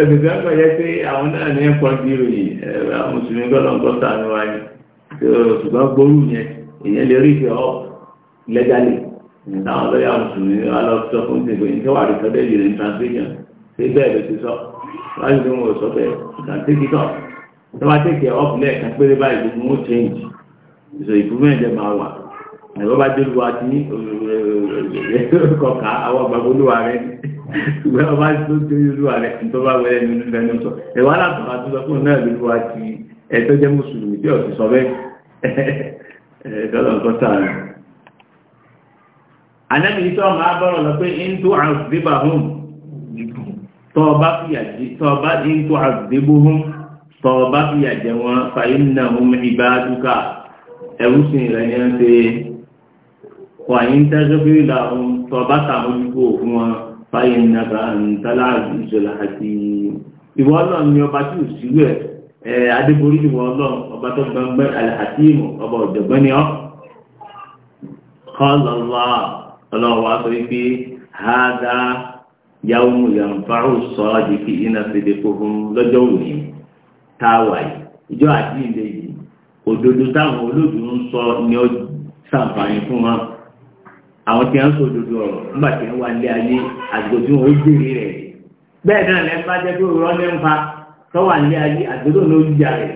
ẹ̀dùnkà kọ̀ yẹ pé àwọn náà ní ẹ̀kọ́ bí ìròyìn àwọn mùsùlùmí gọ́lọ́gọ́ sànú wa ni ṣùgbọ́n gbóòrù yẹn èèyàn lè rí ìfẹ́ ọ lẹ́gàlì táwọn lọ́yà mùsùlùmí alọ́sọ fún ti gbé nígbà wàrí sọ́dẹ̀ yìí ní translation ṣé bẹ́ẹ̀ ló ti sọ láti fi wọn sọ bẹ́ẹ̀ kàtẹ́kì tọ̀ tó bá tẹ̀kẹ̀ ọ́ fúnlẹ̀ kan péré báyìí change ìṣò improvement ẹ̀ máa wà ẹ̀rọ bá dé lu wa ti ni ìwé ọba tó tó olúwa rẹ̀ tó bá wẹ́rẹ́ nínú bẹnu sọ ẹ̀wọ́ alábàá tó sọ fún náà lórí wa ti ẹ̀tọ́ jẹ́ mùsùlùmí tí ọ̀sìn sọ bẹ́ẹ̀ ẹ̀ẹ́dọ́lọ́kọ́ sáà Ànábì ní tọ́ máa bọ́rọ̀ lọ pé in tó ẹ́ ń ṣe wà ní tẹ́jọ́ bí ìlà hún tọba tàbójúkò fún wọn báyìí ní nàbà ntàlá ìṣòlá àti ìwọ ọlọ́run ni ọba tí ò sí wẹ̀ ẹ̀ adébórí ìwọ ọlọ́run ọba tó gbẹngbẹ́ àti ìmọ̀ ọba ọ̀jọ̀gbọ́n ni ọ́ kọ́lọ̀ wá ọlọ́run wá sọ wípé hádà yàwó yàǹfààrù sọ ọ́ di kí iná fèdè fòfin lọ́jọ́ òní táwa yìí ìjọ àti ìlẹ̀ òdodo táwọn olóògbé ń sọ ni ó ṣàǹfààní fún wọn àwọn tí a ń sọ òdodo ọ̀rọ̀ nígbà tí wọ́n wá lé ayé àsìkò tí wọ́n ó gbèrè rẹ̀ bẹ́ẹ̀ náà lẹ́fà jẹ́ pé òrọ́ lẹ́fà tó wà lé ayé àsìkò náà ó jíjà rẹ̀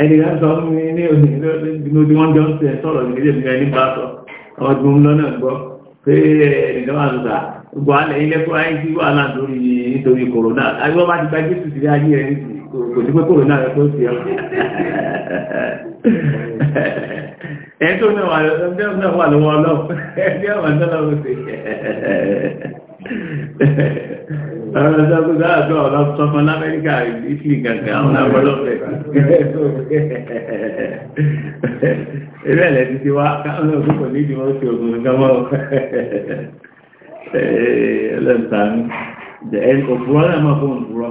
ẹni kan sọ fún mi ní òṣèlú tí wọ́n jọ ń sẹ̀ sọ̀rọ̀ ní ilé ìgbà nípa sọ ọmọ tí wọ́n lọ́nà gbọ́ pé ẹnìkan wà lọ́ta gbọ́ alẹ́ ilé fún ayé tí wà náà lórí nítorí kòrónà àgbọ̀ bá ti gba jésù sí ayé rẹ̀ kò sí pé kòrónà rẹ̀ kó sí ọ ẹ̀ tó náà wà lọ́wọ́ ọlọ́pù ẹ̀bí àwọn tọ́lọ́wọ́ sí ọ̀rọ̀ ìjọba dáadọ́ ọlọ́pù sọmọ lamẹ́ríkà ìtìlì gàgà àwọn agbọ́lọ́pẹ̀ ìrẹ́lẹ̀ ti ti wá káwọn òkúkọ̀ nídìí wọ́n ti ògùn gánmọ́ ẹ̀ẹ́lẹ́ta ní òpùrọ́ náà mọ́ fún òpùrọ́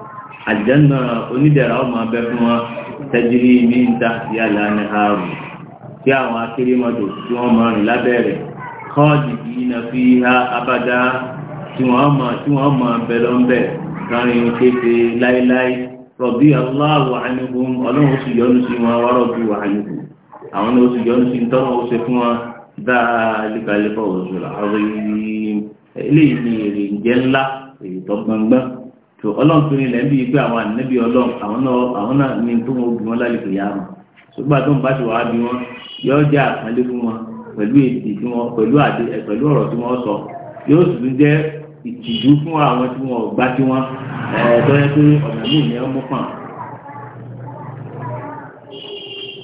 àjẹ́nà onídẹ̀ra ọmọ abẹ́ fún wọn tẹ́jírí ní ìta sí àlàní ààrùn tí àwọn akérèmọdò tí wọ́n máa rìn lábẹ́rẹ̀ kọ́ọ̀dì kì í fi ha abada tí wọ́n máa tí wọ́n máa bẹ lọ́nbẹ̀ kárin kéde láéláé rọ̀bí aláwọ̀ àníkún ọlọ́run sì yọ́nú sí wọn wárọ̀ bí wà àníkún àwọn náà sì yọ́nú sí tọ́nà ó ṣe fún wọn dáa líkalẹ́fọ̀ òṣùlá ọ̀rọ̀ ilé ìní èrè tó ọlọ́run tó nílẹ̀ ń bí pé àwọn ànábì ọlọ́run àwọn náà ní tó wọn obì wọn lálẹ́ kò yá wọn ṣùgbọ́n tó ń bá ti wàá bí wọn yóò jẹ́ àpọ́nlé fún wọn pẹ̀lú èdè tí wọn pẹ̀lú àdé pẹ̀lú ọ̀rọ̀ tí wọ́n sọ yóò sì tún jẹ́ ìtìjú fún àwọn tí wọn gbá tí wọn ẹ̀ẹ́dọ́yẹ pé ọ̀nà míì ni wọ́n mú pọ̀n.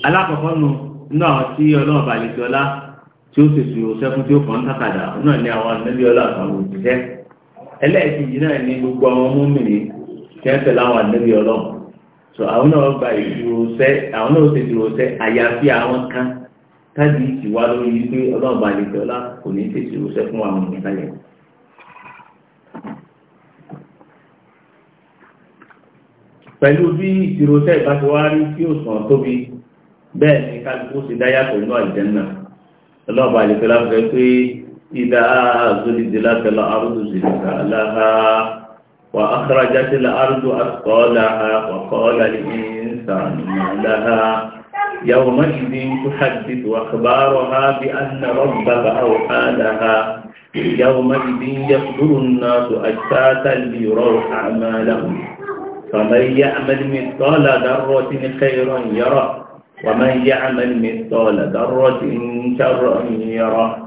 alákọ̀ọ́kọ́ nu inú àwọn tí ọlọ́run bá lè fi ọlá tí ó sì fi òṣẹ́ fún tí ó kàn ń tàkàdà náà ní àwọn ànábì ọlọ́run àwọn òṣìṣẹ́ ẹlẹ́ẹ̀kejì náà ní gbogbo àwọn múmìnì tí wọ́n tẹ̀lé àwọn àdébí ọlọ́run so àwọn náà gba ìdúróṣẹ́ àwọn náà ṣe ìdúróṣẹ́ àyàfi àwọn kan tábí ti wá lórí wípé ọlọ́run bá lè tẹ̀ ọlá kò ní ṣe ìdúróṣẹ́ fún àwọn ènìyàn láyẹ̀. pẹ̀lú bí ìdúróṣẹ́ ìbáṣewárí tí ó sàn tóbi bẹ́ẹ̀ ni kálukú ṣe dáyàtọ̀ nínú àlùjànnà ọlọ́run bá lè tẹ̀ ọlá إذا زلزلت الأرض زلزالها وأخرجت الأرض أثقالها وقال الإنسان ما لها يومئذ تحدث أخبارها بأن ربك أوحى لها يومئذ يصدر الناس أجساسا ليروا أعمالهم فمن يعمل مثقال ذرة خيرا يره ومن يعمل مثقال ذرة شرا يره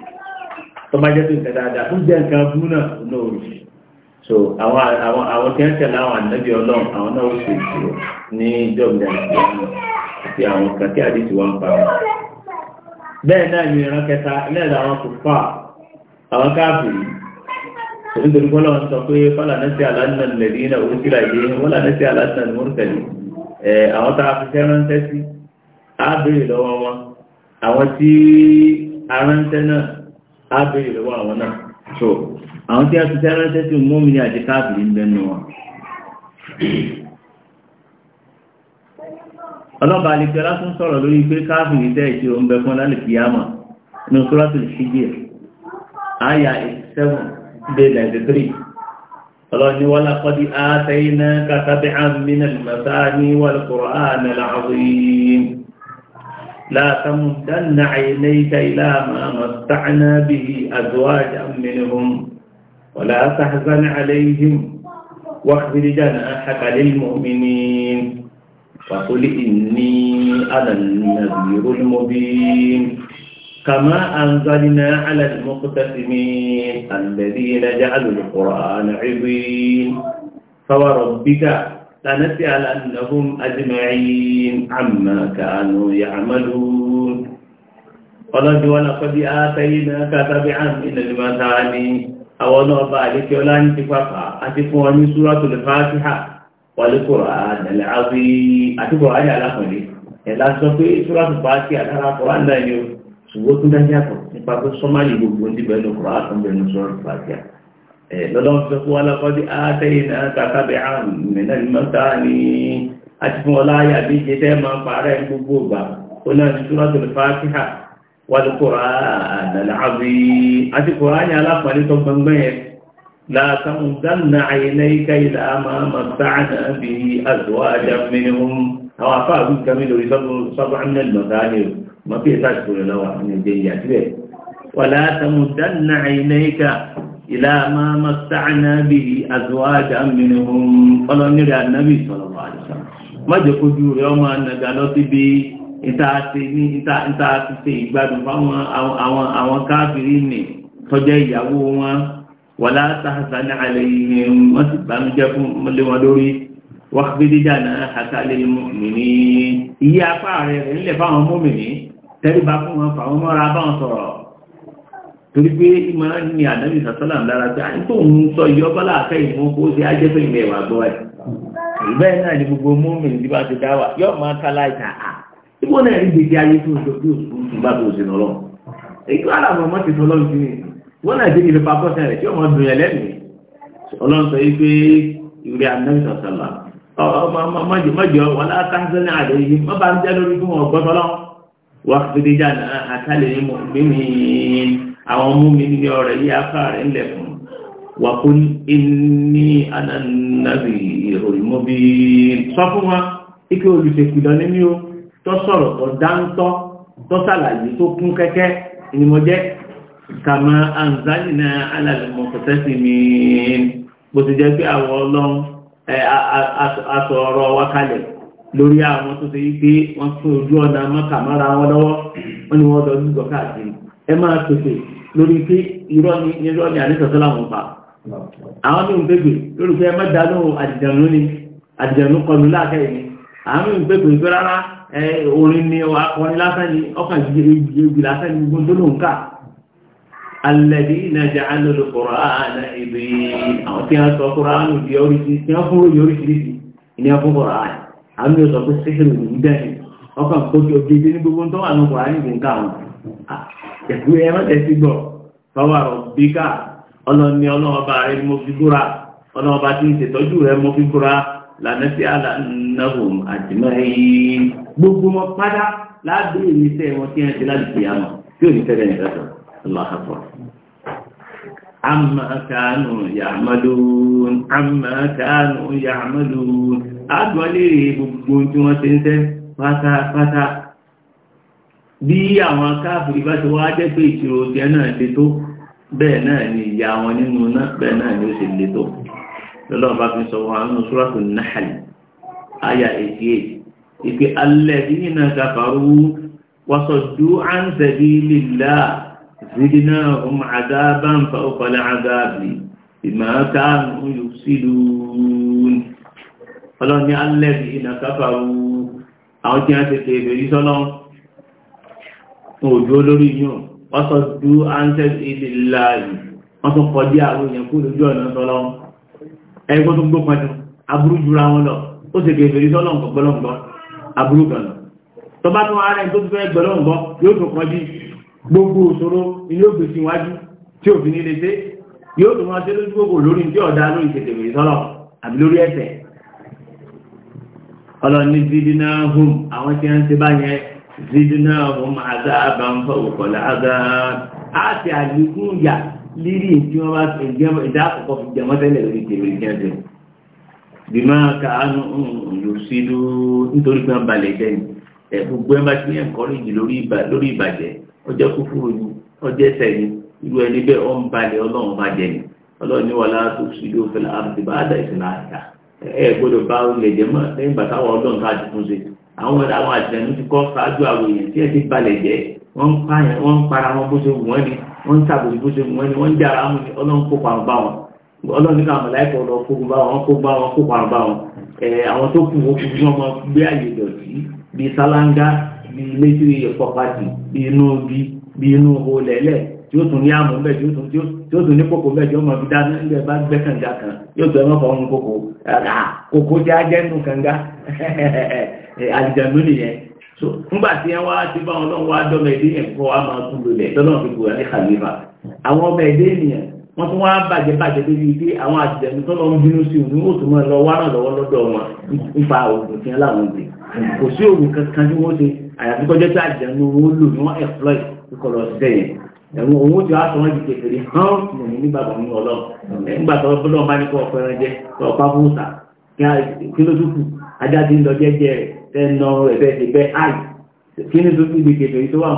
tó máa jẹ́ tó nǹkan dáadáa tó jẹ́ nǹkan bú náà ní orí so àwọn àwọn àwọn tí wọ́n tẹ̀lé àwọn ànábì ọlọ́run àwọn náà ó ṣe ìṣirò ní ìjọba ìṣirò àti àwọn kan tí àdìsí wọn pa wọn. bẹ́ẹ̀ náà ni ìran kẹta lẹ́ẹ̀dá àwọn kò fà àwọn káàbìrì nítorí kọ́lá wọn sọ pé fọ́lá nẹ́sẹ̀ aláǹdà lẹ́dí náà ó síra yé wọ́lá nẹ́sẹ̀ aláǹdà mọ́tẹ̀lì àwọn tá a fi fẹ́ ránṣẹ́ sí á béèrè lọ́wọ́ wọn àwọn tí á béèrè lọ́wọ́ àwọn náà so àwọn tí a ti tẹ́rẹ́ ránṣẹ́ sí mú mi ní àti káàbìrì ń bẹnu wọn ọlọ́ba àlejò aláṣún sọ̀rọ̀ lórí pé káàbìrì tẹ́ ìṣe òun fún lálẹ́ fi yámà ní sọ́rọ́tì ṣígbìyà àyà 87 93 ọlọ́ni wọ́n lápọ́dí àtẹ́yìn náà kátàbí àmì náà lùmọ̀sáà ní wàlùkùrọ̀ àmì làwọn لا تمدن عينيك إلى ما متعنا به أزواجا منهم ولا تحزن عليهم واخبر جناحك للمؤمنين وقل إني أنا النذير المبين كما أنزلنا على المقتسمين الذين جعلوا القرآن عظيم فوربك على أنهم أجمعين عما كانوا يعملون قلت ولقد آتيناك سبعا من المثاني أول ذلك ولا انتفاقا أتفوا من سورة الفاتحة والقرآن العظيم أتفوا أي على أخواني إلا سوفي سورة الفاتحة ترى القرآن لا يو سوى كنت أجاكم نفاق الصمالي بقول دي بين القرآن بين سورة الفاتحة Eh, lọ́lọ́run sọ fún alákọ́dí àtẹ́yìn àtàkàbẹ̀ àrùn mẹ́nà mọ́ta ni a ti fún ọlá ayà bí jẹ́ tẹ́ máa parẹ́ gbogbo ìgbà ó náà ti Suratul Fatiha wal Qur'an al-Azim àti Qur'ani alápàdé tó gbọngbọ́n yẹn la tamuddanna aynayka ila ma matta'na bihi azwajan minhum àwọn afá àbí kàmí lórí sọ́bọ̀ àmì ìlà máa ma sáànà bí i àzọ́wájà mìíràn ọlọ́nìrì ànábì sọ̀rọ̀ àìsàn mọ́jẹ̀ kojú rẹ̀ ọmọ ànàgà lọ sí bí ìta àti ṣe ìgbádùn fáwọn àwọn káàkiri nì tọ́jẹ́ ìyàwó wọn wà látàṣà ní alẹ́ ihe wọ́n sì bá ń jẹ́ fún lé wọn lórí wọ́n fi dídà náà àtàlẹ́ mọ̀mìnì iye apá rẹ̀ ńlẹ̀ fáwọn mọ̀mìnì tẹ́lifà fún wọn fàwọn mọ́ra báwọn sọ̀rọ̀ torí pé ìmọ̀ràn ní àdáni ìsàtọ́là lára pé àyíkò ń sọ ìyọ́bá láàká ìmọ̀ kó ṣe ajẹ́fẹ́ ìmọ̀ ẹ̀wà gbọ́ ẹ̀ ìbẹ́ náà ni gbogbo mọ́mìn tí bá ti dá wà yọ́ máa ká láìka à ìbò náà rí gbèdé ayé tó ṣe bí òṣùpá tó bá tó ṣe nọ́lọ́ èyí wà láwọn ọmọ ti tọ́lọ́ sí ni wọ́n náà dé ìlú pàkọ́sẹ̀ rẹ̀ tí ọmọ dùn yẹn lẹ́mìí ọlọ́run sọ yìí pé ìrẹ́ àdáni sàtọ́là mọ́jọ wọn látàkùn náà àdéhìí mọ́ bá ń jẹ́ lórí fún ọgbọ́tọ́lọ́ wọ́n fi àwọn mú mi ní ọ̀rẹ́ yí afá rẹ̀ ńlẹ̀ fún wà kó ní ananabi ìròyìn mú bí sọ fún wa ike olùṣèkìlọ ní o tó sọ̀rọ̀ tó dáńtọ́ tó sàlàyé tó kún kẹ́kẹ́ ni mo jẹ́ kàmá na alàlùmọ̀ pẹ̀tẹ́sì mi bó ti jẹ́ pé àwọn ọlọ́run aṣọ ọ̀rọ̀ wa kalẹ̀ lórí àwọn tó ṣe yí ni wọ́n lọ lúgọ ẹ máa pèsè lórí pé irọ́ ni irọ́ ni àdìsọ̀tọ́ làwọn pa àwọn mí ń pèpè lórí pé ẹmọ́ dá lóhùn àdìjànú ni àdìjànú kọlu láàkẹ́ ni àwọn mí ń pèpè pé rárá orin ni ọkùnrin lásán ni ọkàn ìgbì lásán ni gbogbo tó lóhùn ká alẹ́dí ìnajà alọ́lọ́ kọ̀ọ̀rán ìbí àwọn tí a sọ kọ̀ọ̀rán ìbí oríṣiríṣi tí wọ́n fún orí oríṣiríṣi ìní ọkùn kọ̀ọ̀rán àwọn mí ń sọ pé síkìrì ìdẹ́ni ọkàn kó ẹ̀kú ẹ má tẹ̀sí gbọ́ fáwọn àrùn bíkà ọlọ́ni ọlọ́ọba rẹ ni mo fi búra ọlọ́ọba tí ń ṣètọ́jú rẹ mo fi búra lànà sí àlànàhùn àjùmọ̀ yìí gbogbo wọn padà lábẹ́ ìrìnsẹ̀ wọn tí wọ́n ti láti pè àmọ́ tí ò ní fẹ́ bẹ́ẹ̀ nìkan lọ́kàtọ̀. Amma kanu ya'malun, amma tí wọ́n ti ń tẹ́ pátápátá bí àwọn káàkiri bá ti wá jẹ́ pé ìṣirò jẹ́ náà lè tó bẹ́ẹ̀ náà ni ìyá wọn nínú náà bẹ́ẹ̀ náà ni ó sì lè tó lọ́lọ́wọ́ bá fi sọ wọn nínú súrọ́tù Nahl àyà 88 ìpè alladhina kafaru wasaddu an sabilillah zidnahum adhaban fawqa al-adhabi bima kanu yufsidun ọlọ́ni alladhina kafaru àwọn tí wọ́n fún òjò olórí yìí wọ́n sọ ju ansẹ́t ilẹ̀ láàyè wọ́n sọ kọjí àwọn èèyàn kú lójú ọ̀nà sọ́lọ́ ẹgbẹ́ tó gbópa jù aburú jura wọn lọ ó sì kè fèrè sọ́lọ́ nǹkan gbọ́lọ́ngbọ́ aburú kan lọ tó bá tún ara ẹni tó fẹ́ gbọ́lọ́ngbọ́ yóò tún kọjí gbogbo òṣòro ilé ògbèsì wájú tí òfin ní lè dé yóò tún máa ṣe lójú gbogbo lórí tí ọ̀dá lórí tètè fèrè sọ́lọ́ àbí lórí ẹ̀sẹ̀ ọlọ́ni dídí náà hùm àwọn tí wọ́n ń ṣe báyẹn zidnahum azaban fawqal azab á ti àlékún yà lírí tí wọ́n bá ìdá àkọ́kọ́ fi jẹ mọ́tẹ́lẹ̀ lórí tèmi jáde bí máa ka ánú yóò sí ló nítorí pé wọ́n balẹ̀ jẹ́ ni gbogbo ẹ̀ bá ti yẹn lórí ìbàjẹ́ ọjọ́ ni ọjọ́ ẹsẹ̀ ni irú ẹni bẹ́ẹ̀ ọ́n balẹ̀ ọlọ́run bá ọlọ́run ní wàhálà tó sí ló àbùtì bá dà ìsìn ẹ̀ gbọ́dọ̀ bá jẹ́ mọ́ lẹ́yìn bàtà wọ àwọn àwọn àjẹ̀nú ti kọ́ ṣáájú àwọn èèyàn tí ẹ ti balẹ̀ jẹ́ wọ́n ń pààyàn wọ́n ń para wọn bó ṣe wù wọ́n ni wọ́n ń tàbí bó ṣe wù wọ́n ni wọ́n ń jà ara wọn ni ọlọ́run kó parun bá wọn ọlọ́run ní káwọn láìpẹ́ ọ̀rọ̀ kó bá wọn kó bá wọn kó parun bá wọn àwọn tó kù ó kú bí wọ́n máa gbé àyè dọ̀tí bíi sálángá bíi létí ẹ̀fọ́ bíi inú bí bíi inú ihò lẹ́lẹ̀ àdìjànú nìyẹn so nígbà tí wọ́n wá ti bá wọn lọ́wọ́ wá dọ́mọ ẹ̀dẹ́ yẹn kọ́ wá máa kú lulẹ̀ tọ́lọ́ fi gbòòrò ní kàlífà àwọn ọmọ ẹ̀dẹ́ nìyẹn wọ́n tún wá bàjẹ́ bàjẹ́ débi pé àwọn àdìjànú tọ́lọ́ ń bínú sí òun ó tún mọ́ lọ wá náà lọ́wọ́ lọ́dọ̀ wọn nípa òògùn tí wọ́n láwọn gbé kò sí òògùn kankan tí wọ́n ṣe àyàfi kọjá tí àdìjànú wọn lò ní wọ́n exploit ìkọlọ̀ ṣiṣẹ́ yẹn ẹ̀wọ̀n owó tí wàá sọ̀rọ̀ di kékeré hàn mọ̀ ní bàbá mi ọlọ́run nígbà tó ọlọ́run bá ní kó ọ̀pẹ ẹran jẹ kó ọ̀pá fún sà kí ló tún kù ajá ti ń lọ jẹ́jẹ́ rẹ̀ ẹnà ẹ̀fẹ́ ìbẹ́ àì kí ní tó tún gbèkè tó wà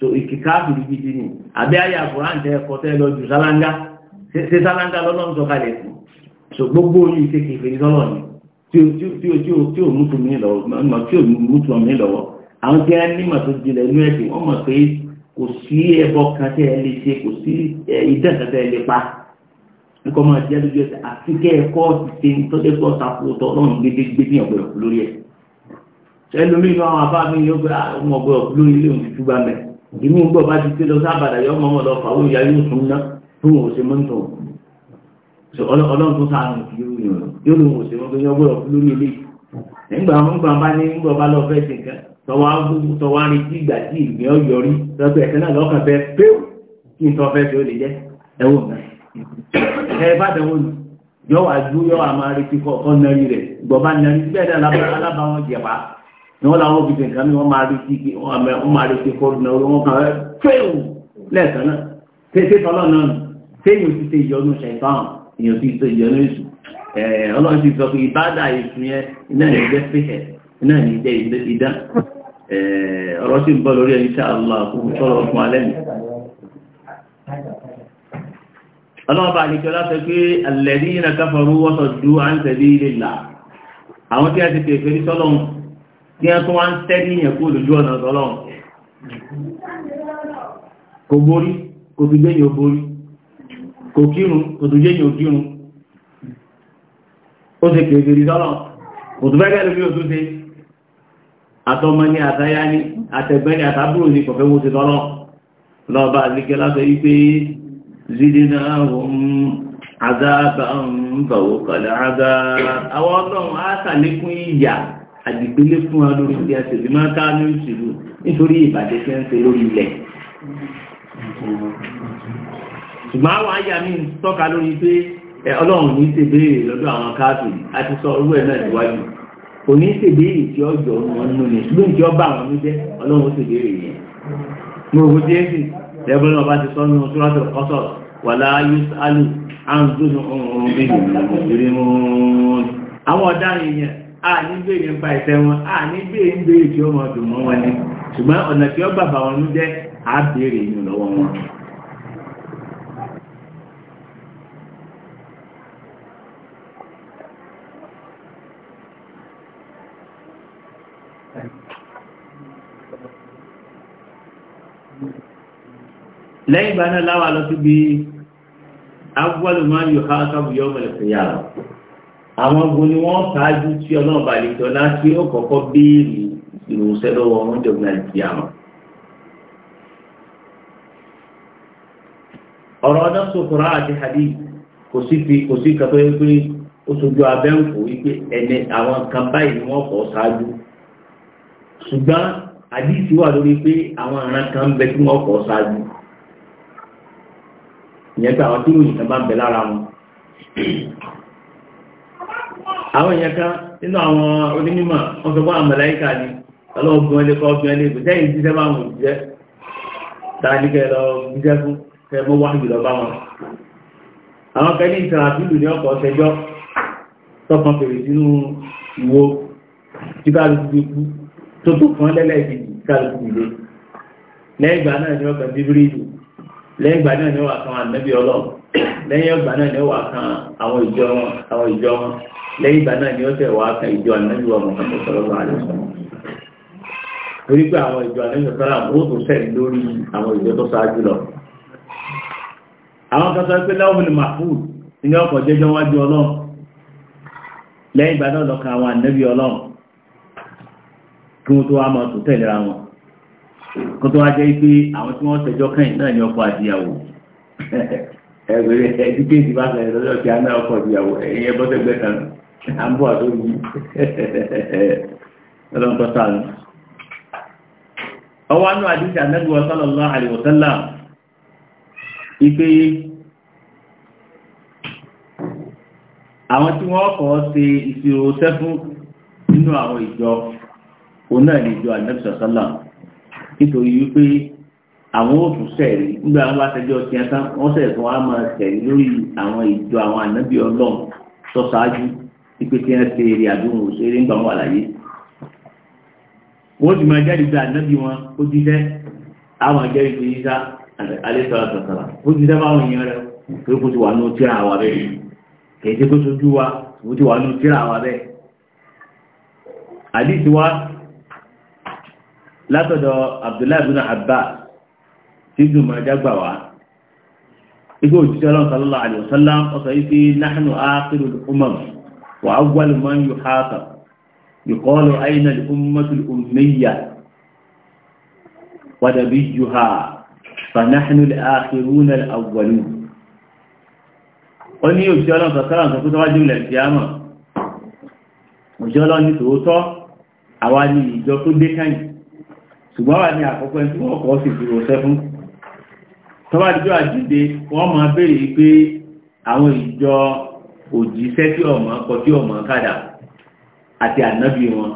so ìkìkáàfì gidi ni àbẹ́ àyà àkùrán tẹ ẹ̀kọ́ tẹ́ lọ ju sálángá ṣe sálángá lọ́lọ́run sọ kalẹ̀ sí so gbogbo yìí ṣe kìfì lọ́lọ́ ni tí ò mútu mi lọ́wọ́ tí ò mútu mi lọ́wọ́ àwọn tí a ní mà tó jinlẹ̀ inú ẹ̀sìn wọ́n mọ̀ pé kò sí ẹbọ kan tẹ́ ẹ lè ṣe kò sí ìdán kan tẹ́ ẹ lè pa nǹkan máa jẹ́ lójú ẹsẹ̀ àfikẹ́ ẹ̀kọ́ ti ṣe ń tọ́jú ẹ̀kọ́ ta fún ọ̀tọ̀ ọlọ́run gbédégbé ní ọ̀pọ̀lọpọ̀ lórí ẹ̀ ẹlòmí inú àwọn afá mi yóò gbé ah, ọmọ ọgbẹ ọkùnrin lórí ilé òun ìtúgbà mẹ ìmú gbọ bá ti pé lọ sábàdà yọ ọmọ ọmọ lọ fàwọn ìyá yóò tún ná fún òun ṣe mọ́tò ọlọ́run tó sáà nù yóò yàn yóò lòun ò ṣe mọ́tò yọ ọgbẹ ọkùnrin lórí ilé nígbà wọn gbà bá ní nígbà bá lọ fẹ́ ṣe nǹkan tọwọ́ agbóhùn tọwọ́ arìtí ìgbà tí ìgbìn ọyọ rí lọ́gbẹ̀ ẹ̀kẹ́ náà lọ́kàn bẹ péw kí n tọ́ fẹ́ ṣe ó lè jẹ́ yọ wà ju yọ àmà arìtí kọ̀ọ̀kan náà rí rẹ̀ gbọ̀bá náà rí bẹ́ẹ̀ náà alábàáwọn jẹ̀pá ni wọ́n làwọn òbí tẹ̀ka mi wọ́n máa rí sí kí wọ́n máa rí sí kọ́ọ̀dù náà wọ́n kàn án fẹ́ẹ̀wù lẹ́ẹ̀kan náà tètè tọ́lọ́ náà nù téèyàn ti ṣe ìyọnu ṣẹ̀fọ́n èèyàn ti ṣe ìyọnu èṣù ọlọ́run ti sọ pé ìbádà èṣù yẹn iná ní jẹ́ fíṣẹ̀ iná ní jẹ́ ìdán ọ̀rọ̀ sì ń bọ́ lórí ẹni ṣáà lọ àkókò sọ̀rọ̀ fún alẹ́ mi ọlọ́ọ̀bà àlejò láti ní a tó wá ń tẹ́ níyàn kó lójú ọ̀nà ọlọ́run kò borí kò tún gbé yìí ó borí kò kírun kò tún gbé yìí ó kírun ó ṣe kèrèkèrè sọ́lọ̀ kò tún fẹ́gẹ́ lórí òtún ṣe àtọmọ ní àtayá ní àtẹ̀gbẹ́ ní àtàbúrò ní kọ̀fẹ́ wo ṣe tọ́lọ̀ lọ́ba àdíkẹ́ lásọ yí pé zidina hum azaba ń bàwọ̀ kọ̀lẹ̀ azaba àwọn ọlọ́run á sàlékún ìyà àdìgbélé fún wa lórí ìdí àṣèlú máa ká ní ìṣèlú nítorí ìbàjẹ́ tí ń ṣe lórí ilẹ̀ ṣùgbọ́n àwọn àyà mi ń tọ́ka lórí pé ọlọ́run ní ṣe béèrè lọ́dọ̀ àwọn káàkiri àti sọ orú ẹ̀ náà síwájú kò ní ṣe béèrè tí ó jọ wọn nínú ni ṣùgbọ́n tí ó bá àwọn ní ọlọ́run ṣe yẹn àní béèrè ń pa ìfẹ́ wọn àní béèrè ń béèrè tí ó mọ̀ dùn mọ́ wọn ni ṣùgbọ́n ọ̀nà tí ó bàbá wọn ń jẹ́ à béèrè ìyún lọ́wọ́ wọn. lẹ́yìn ìgbà náà lọ síbi agbọ́lùmọ́ yóò ká sọ́bù yóò mẹ́lẹ̀ àwọn gbo ni wọ́n ṣáájú tí ọlọ́run bá lè tọ́lá tí ó kọ́kọ́ béèrè ìròsẹ́ lọ́wọ́ wọn jọ̀gbìn àti àmọ́. ọ̀rọ̀ ọdọ́ sọ̀kùnrà àti hadith kò sí fi kò sí kan tó yẹ pé ó sojú abẹ́ǹkò wípé ẹni àwọn kan báyìí ni wọ́n kọ́ ṣáájú ṣùgbọ́n àdíìsí wà lórí pé àwọn àrán kan ń bẹ tí wọ́n kọ́ ṣáájú ìyẹn pé àwọn tí ìròyìn kan bá ń bẹ lára wọn àwọn èèyàn kan nínú àwọn onímọ̀ wọ́n sọ fún àwọn màláíkà ni ọlọ́ọ̀gbọ́n ilé kọ́ọ̀gbọ́n ilé ìgbẹ̀ tẹ́yìn jíṣẹ́ bá wọn jẹ́ tàbíkẹ́ lọ jíṣẹ́ fún kẹmọ́ wá jùlọ bá wọn àwọn kẹ́ ní ìtàràbílù ní ọkọ̀ ọ̀sẹjọ́ tọ́kan fèrè sínú ìwo tí kálukú ti kú tó tó fún lẹ́lẹ́kìdì kálukú ilé lẹ́yìn ìgbà náà ni ọkọ̀ bíbírìlù lẹ́yìn ìgbà náà ni ọkọ̀ ànábì ọlọ́run lẹ́yìn ọgbà náà ni ó wà kan àwọn ìjọ wọn àwọn ìjọ wọn lẹ́yìn ìgbà náà ni ó tẹ̀ wá kan ìjọ ànájúwà mọ̀kànlá sọ̀rọ̀ wà torí pé àwọn ìjọ ànájúwà sọ̀rọ̀ ó tún sẹ́ẹ̀ lórí àwọn ìjọ tó ṣáájú lọ àwọn pé láwọn ní ọkọ̀ wájú ọlọ́run lẹ́yìn ìgbà náà lọ́kàn àwọn ọlọ́run kí wọ́n tó wá ẹgbẹ̀rẹ̀ ẹdíkéèdì bá bẹ̀rẹ̀ lọ́jọ́ tí a náà ọkọ̀ ìyàwó ẹ̀yẹ bọ́sẹ̀gbẹ́ kan à ń bọ̀ àtòrí ọlọ́nkọ́ sáà ọwọ́ anú àdíṣe ànágbé sallallahu alaihi wasallam ipe àwọn tí wọ́n kọ́ ṣe ìṣirò sẹ́fún nínú àwọn ìjọ òun náà àwọn òtún sẹ̀rí nígbà wọn bá tẹjọ́ ti ẹ tán wọ́n sẹ̀ tún wá máa sẹ̀rí lórí àwọn ìjọ àwọn ànábì ọlọ́run tó ṣáájú ipe tí wọ́n ṣe eré àdúhùn òṣèré ńgbà wọn àlàyé wọ́n ti máa jáde gba ànábì wọn ó jíṣẹ́ àwọn àjẹrí ti yíṣá alẹ́sọ̀rọ̀ sọ̀tàrà ó jíṣẹ́ báwọn èèyàn rẹ̀ pé kó ti wà ní tíra wa bẹ́ẹ̀ kì í ṣe kó sojú wa kó ti wà ní tíra wa bẹ́ẹ̀ àdìsí wa látọ̀dọ̀ Abdullahi tí jùmọ̀ ẹja gbà wá igbó òjíṣẹ́ ọlọ́run sallallahu alaihi wasallam ọ̀sọ̀ yìí fi nahnu akhirul umam wa awwalu man yuhasab yuqalu ayna al-ummatul ummiyya wa nabiyuha fa nahnu al-akhiruna al-awwalun ó ní òjíṣẹ́ ọlọ́run sallallahu alaihi wasallam wájú ilẹ̀ ìfìyàmọ̀ òjíṣẹ́ ọlọ́run ní tòótọ́ àwa ni ìjọ tó dé káyìn ṣùgbọ́n wà ní àkọ́kọ́ ẹni tí wọ́n kọ́ sí ìdúró sẹ́fún tọ́wá àdìjọ́ àjíǹde wọ́n máa béèrè pé àwọn ìjọ òjíṣẹ́ tí ọmọ kọ tí ọmọ kádà àti ànábì wọn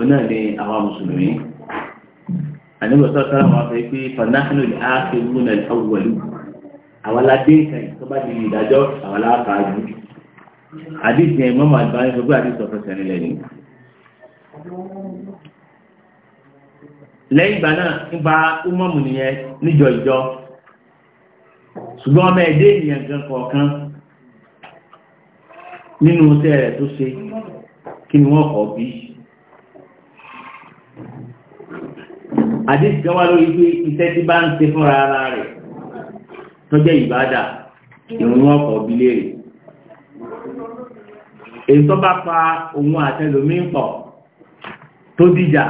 ọ̀nà ni àwọn mùsùlùmí àníwọ̀sọ́ sára wọn fẹ́ pé fanáhánù lè á fi mú náà ọwọ́lú àwọn aládé nǹkan yìí tó bá di ìdájọ́ àwọn aláàkájú àdìsí ẹ̀ mọ́mọ́ àdìbáyé sọ pé àdìsí ọ̀fẹ́ sẹ́ni lẹ́yìn. lẹ́yìn ìgbà náà ń ba umamu nìyẹn níjọ ìjọ ṣùgbọ́n ọmọ ẹ̀dẹ́ ènìyàn gan kọ̀ọ̀kan nínú iṣẹ́ rẹ̀ tó ṣe kí ni wọ́n kọ̀ bí àdéṣìkan wá lórí pé iṣẹ́ tí bá ń ṣe fúnra ara rẹ̀ tó jẹ́ ìbádà ìrùn wọn kọ̀ bí léèrè èyí tó bá pa òun àtẹlómìn pọ̀ tó dìjà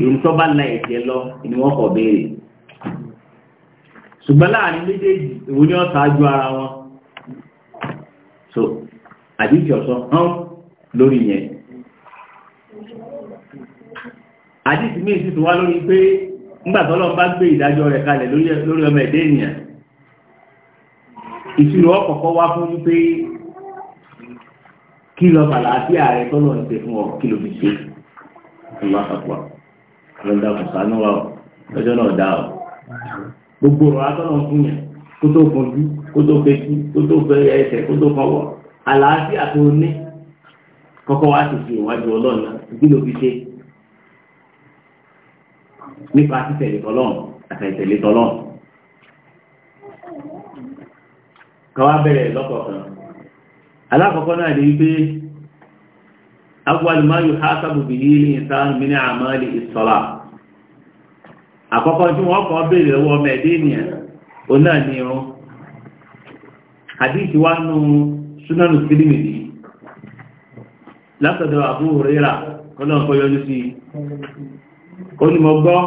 èyí tó bá la ẹ̀jẹ̀ lọ ni wọ́n kọ̀ béèrè ṣùgbọ́n láàrin méjèèjì ìwò ní ọ̀sáájú ara wọn so àdíkì ọ̀sọ́ hàn lórí yẹn àdíkì míì sì tún wá lórí pé ńgbàtọ́lọ́ bá gbé ìdájọ́ rẹ̀ kalẹ̀ lórí ọmọ ẹ̀dẹ́ ènìyàn ìṣirò ọkọ̀ọ̀kọ́ wá fún wípé kí lọ màlàáfíà rẹ̀ tọ́lọ̀ ń ṣe fún ọ ọ gbogbo ọ̀rọ̀ atọ́nà fún yẹn kó tó fojú kó tó fetí kó tó fẹ ẹsẹ̀ kó tó fọwọ́ àlàáfíà tó ní kọ́kọ́ wá sì fi ìwájú ọlọ́run náà bí ló fi ṣe nípa títẹ̀lé tọ́lọ́run àtẹ̀tẹ̀lé tọ́lọ́run. káwá bẹ̀rẹ̀ lọ́kọ̀ọ̀kan alákọ̀ọ́kọ́ náà lè pé agbálùmáyò hásábùbì yìí ní ìsáhùn mí àkọ́kọ́ tí wọ́n kọ́ béèrè lọ́wọ́ ọmọ ẹ̀dẹ́ ènìyàn ó náà ní irun àdíṣì wá nù súnánù kìrìmìlì látọ̀dọ̀ Abu Hurairah ọlọ́run kọ́ yọjú sí ó ní mo gbọ́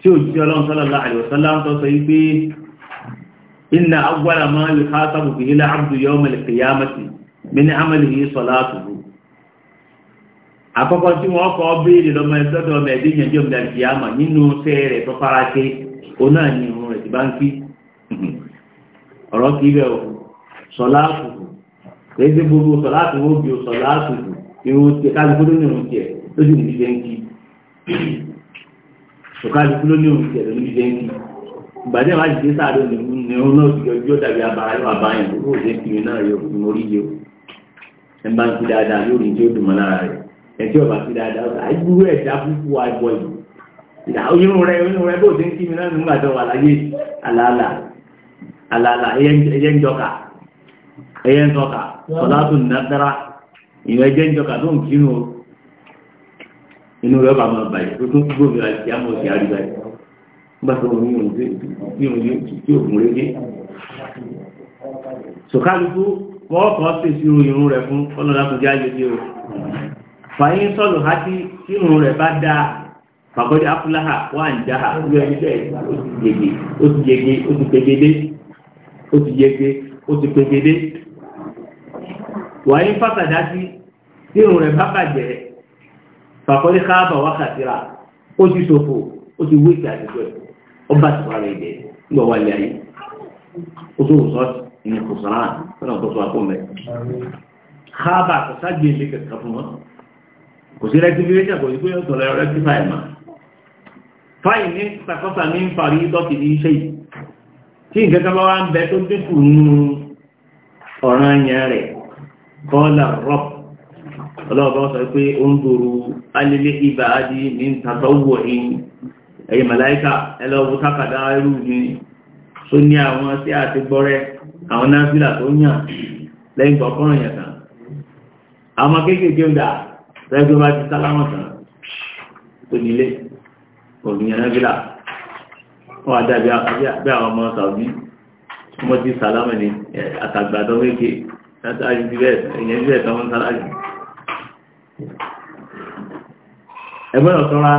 tí òjíṣẹ́ ọlọ́run sallallahu alaihi wasallam ń tọ́sọ yí pé inna awwala ma yuhasabu bihi al-abdu yawm al-qiyamati min amalihi salatuhu àkọ́kọ́ tí wọ́n kọ́ béèrè lọ́mọ ẹ̀sọ́dọ̀ ọmọ ẹ̀dẹ́ ìyànjẹ́ òmìnira ti àmà nínú sẹ́ rẹ̀ tó fara ṣe ó náà ní irun rẹ̀ ti bá ń kí ọ̀rọ̀ kí bẹ́ẹ̀ o sọlá àtùkù kèéṣe gbogbo sọlá àtùkù ó bí o sọlá àtùkù irun ti kálukú ló ní irun tiẹ̀ ló sì ní ṣe ń kí kálukú ló ní irun tiẹ̀ ló ní ṣe ń kí ìgbàdé wa jìde sáré nìrún náà ti yọjú ó dàbí abara yóò abáyàn tó kó o ṣe ń kí mi náà yóò o ẹ bá ń kí dáadáa ẹtí ọba ti dáadáa ọba ìgbúrú ẹ̀dá púpù wa ẹ̀bọ ìlú ìdá inú rẹ inú rẹ bó ṣe ń kí mi náà nígbà tó wà láyé àlàálà àlàálà ẹyẹ ń jọkà ẹyẹ ń tọkà ọ̀dà tó nà dára ìwọ ẹjẹ ń jọkà tó ń kí nù inú rẹ ọba máa bàyẹ tó tó gbó mi àti àmọ òsì àríwá yìí nígbà tó wọn yóò ṣe yóò yóò fàyín sọ́lù ha tí tí òun rẹ̀ bá dáa fàkọ́jà afúláhà wà ń jáhà ló ẹni bẹ́ẹ̀ ó ti yege ó ti yege ó ti pegede ó ti yege ó ti pegede wàyín fàkàdá sí tí òun rẹ̀ bá bàjẹ́ fàkọ́jà káàbà wákàtírà ó ti ṣòfò ó ti wíìkì àdúgbò ẹ̀ ó bá ti wàrà ìdẹ ńgbà wà lẹ́yìn ó tó sọ́ọ̀tì ìyẹn kò sọ̀rọ̀ tó sọ àpò mẹ́ káàbà kò sáà gbé ilé kẹ̀kẹ́ fún kò sí rectification kò sí pé yóò tọ̀lẹ̀ rectify ma fáyì ní takọ́sà ní parí tọ́kì ní iṣẹ́ yìí tí nǹkan kan bá wá ń bẹ tó dínkù nínú ọ̀ràn yẹn rẹ̀ kọ́là rọ́p ọlọ́ọ̀bá sọ pé ó ń dòrò alẹ́lẹ́ ibà adi ní tàtọ́wọ̀ ẹ̀yìn ẹ̀yìn màláìkà ẹlọ́wọ́ tákàdá irú ni tó ní àwọn tí a ti gbọ́rẹ́ àwọn náà fílà tó yàn lẹ́yìn gbọ́kọ́rọ̀ yẹn tán àwọn kéékèèké ń dà sẹ́gbẹ́ bá ti sálámọ̀ tán tó nílé òmìnira nábìlà wọ́n adá bí àwọn ọmọ sàbí ọmọ ti sálámọ̀ ní àtàgbàdọ́ méje látàrí bí bẹ́ẹ̀ ẹ̀yẹ bí bẹ́ẹ̀ tọ́mọ́ sálámọ̀ ẹgbẹ́ ọ̀tọ́ra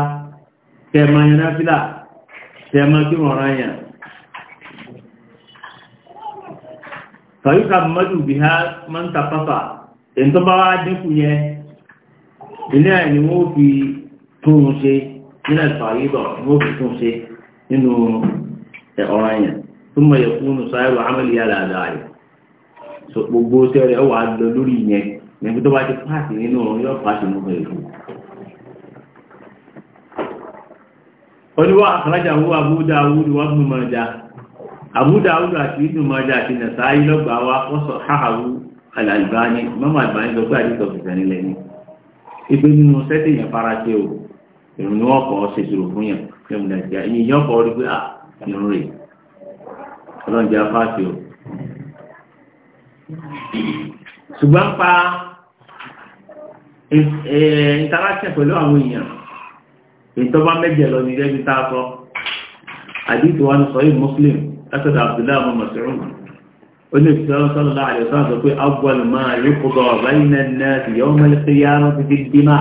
tẹ̀mọ̀ yẹn nábìlà tẹ̀mọ̀ kí wọ́n rán yẹn fàyíkà mọ́dù bí ha máa ń tapáfà èyí tó bá wá dínkù yẹn ilé ẹ̀ ni wọ́n fi tún un ṣe nílẹ̀ ìfàyíbọ̀ wọ́n fi tún un ṣe nínú ọ̀rọ̀ ẹ̀yàn tó mọ̀ yẹ fún un sáyẹ̀rọ amẹ́lì yàrá àdáyé so gbogbo sẹ́rẹ̀ ọwà lọ lórí ìyẹn nígbà tó bá ti pààtì nínú ọ̀rọ̀ yóò pààtì mú bẹ̀rẹ̀ fún oníwà àkàlájà owó abúdá awúdú wà bùn máa já abúdá awúdú àti ìdùn máa já àti nàṣáyí lọ́gbàá wa kọ́sọ̀ ni ìgbé nínú sẹ́tì yẹn fara ṣe o ìrùn ni wọ́n kọ́ ṣèṣirò fún yẹn fún ẹ̀mí nàìjíríà ìyìn yẹn kọ́ rí pé à ìrùn rè ọlọ́run jẹ́ afá ṣe o. ṣùgbọ́n pa interaction pẹ̀lú àwọn èèyàn ìtọ́ba mẹ́jẹ lọ ní ẹgbẹ́ tá a sọ àdìtú wa ni sọ yìí Muslim látọ̀dọ̀ Abdullahi Mas'ud oníbi sọ́rọ̀ sọ́rọ̀ láàrin sọ́rọ̀ sọ pé agbọ́n máa rí kúgbọ́ ọ̀bẹ́yìn náà ti yọ́ mẹ́lẹ̀ sí yára ti fi dímà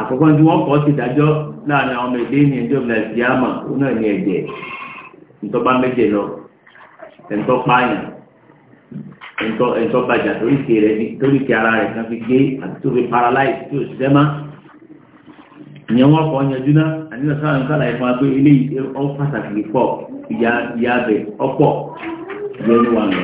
àkọ́kọ́ tí wọ́n kọ́ sí dájọ́ láàrin àwọn èdè ní ẹjọ́ ìlàjìyàmà oná ní ẹ̀jẹ̀ ìtọ́bá méje lọ ẹ̀ńtọ́ pààyàn ẹ̀ńtọ́ bàjà toríkì ara rẹ̀ kan fi gé àti tó fi wọ́n kọ́ yanjú náà àníyàn sáà ń sàlàyé ilé ọ pàtàkì pọ̀ ìyá bẹ̀ ọ̀pọ̀ lórí wa lọ.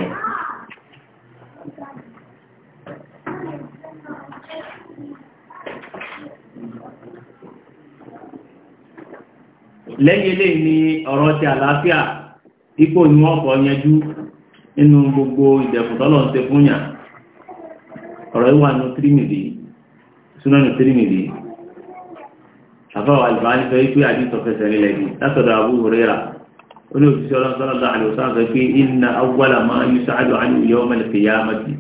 lẹ́yìn eléyìí ni ọ̀rọ̀ ti àlàáfíà ipò ni wọ́n kọ́ yanjú nínú gbogbo ìdẹ̀kùn tọ́lọ̀ ń ṣe fún yàn ọ̀rọ̀ ìwà nù tírímìlì súná nù tírímìlì àbáwọ̀ àlùbáyé sọ wípé àdìsọ̀fẹsẹ̀ nílẹ̀ yìí látọ̀dọ̀ Abu Hurairah ó ní òṣìṣẹ́ ọlọ́run sọ́nà lọ́wọ́ àlùsọ́ àgbẹ̀ pé inna awwala ma yus'alu anhu yawm al-qiyamati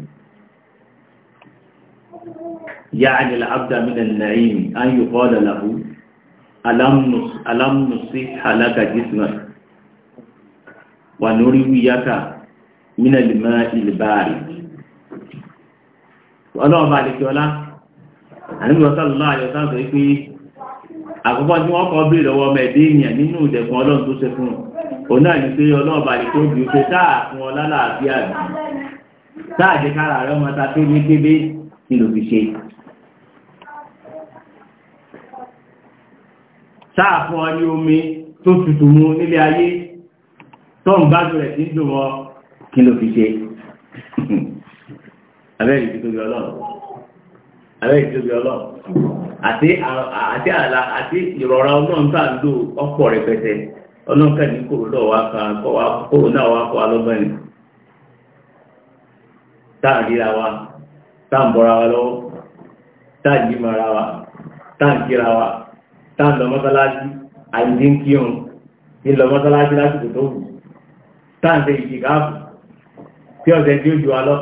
ya'ni al-'abdu min an-na'imi an yuqala lahu alam nusihha laka jismak wa nurwiyaka min al-ma'i al-barid ọlá àníbi ọ̀sán lọ́wọ́ àlùsọ́ àgbẹ̀ pé àkọ́kọ́ tí wọ́n kọ́ bí lọ́wọ́ ọmọ ẹ̀dẹ́ èèyàn nínú ìdẹ̀kùn ọlọ́run tó ṣe fún un òun náà ní pé ọlọ́run bá lè tó bí pé táà fún ọ lálàáfíà bì táà jẹ́ kára rẹ ọmọ ta tó ní kébé kí ló fi ṣe. táà fún ọ ní omi tó tutù mu nílé ayé tọ́n bá jọ rẹ̀ tí ń kí ló fi ṣe. abẹ́rẹ́ ìdíkòrí ọlọ́run alẹ́ ìjọba ọlọ́run àti àlà àti ìrọ̀ra ọlọ́run tá à ń lò ọ̀pọ̀ rẹpẹtẹ ọlọ́run kàn ní kòrò náà wá kan kòrò náà wá kọ́ alọ́gbọ́n ni tá à ń ríra wa tá à ń bọ́ra wa lọ́wọ́ tá à ń jímọ̀ra wa tá à ń kíra wa tá à ń lọ mọ́sálásí àìdí ń kírun ní lọ mọ́sálásí lásìkò tó wù tá à ń ṣe ìdìgáàbò tí ọ̀sẹ̀ tí ó ju wa lọ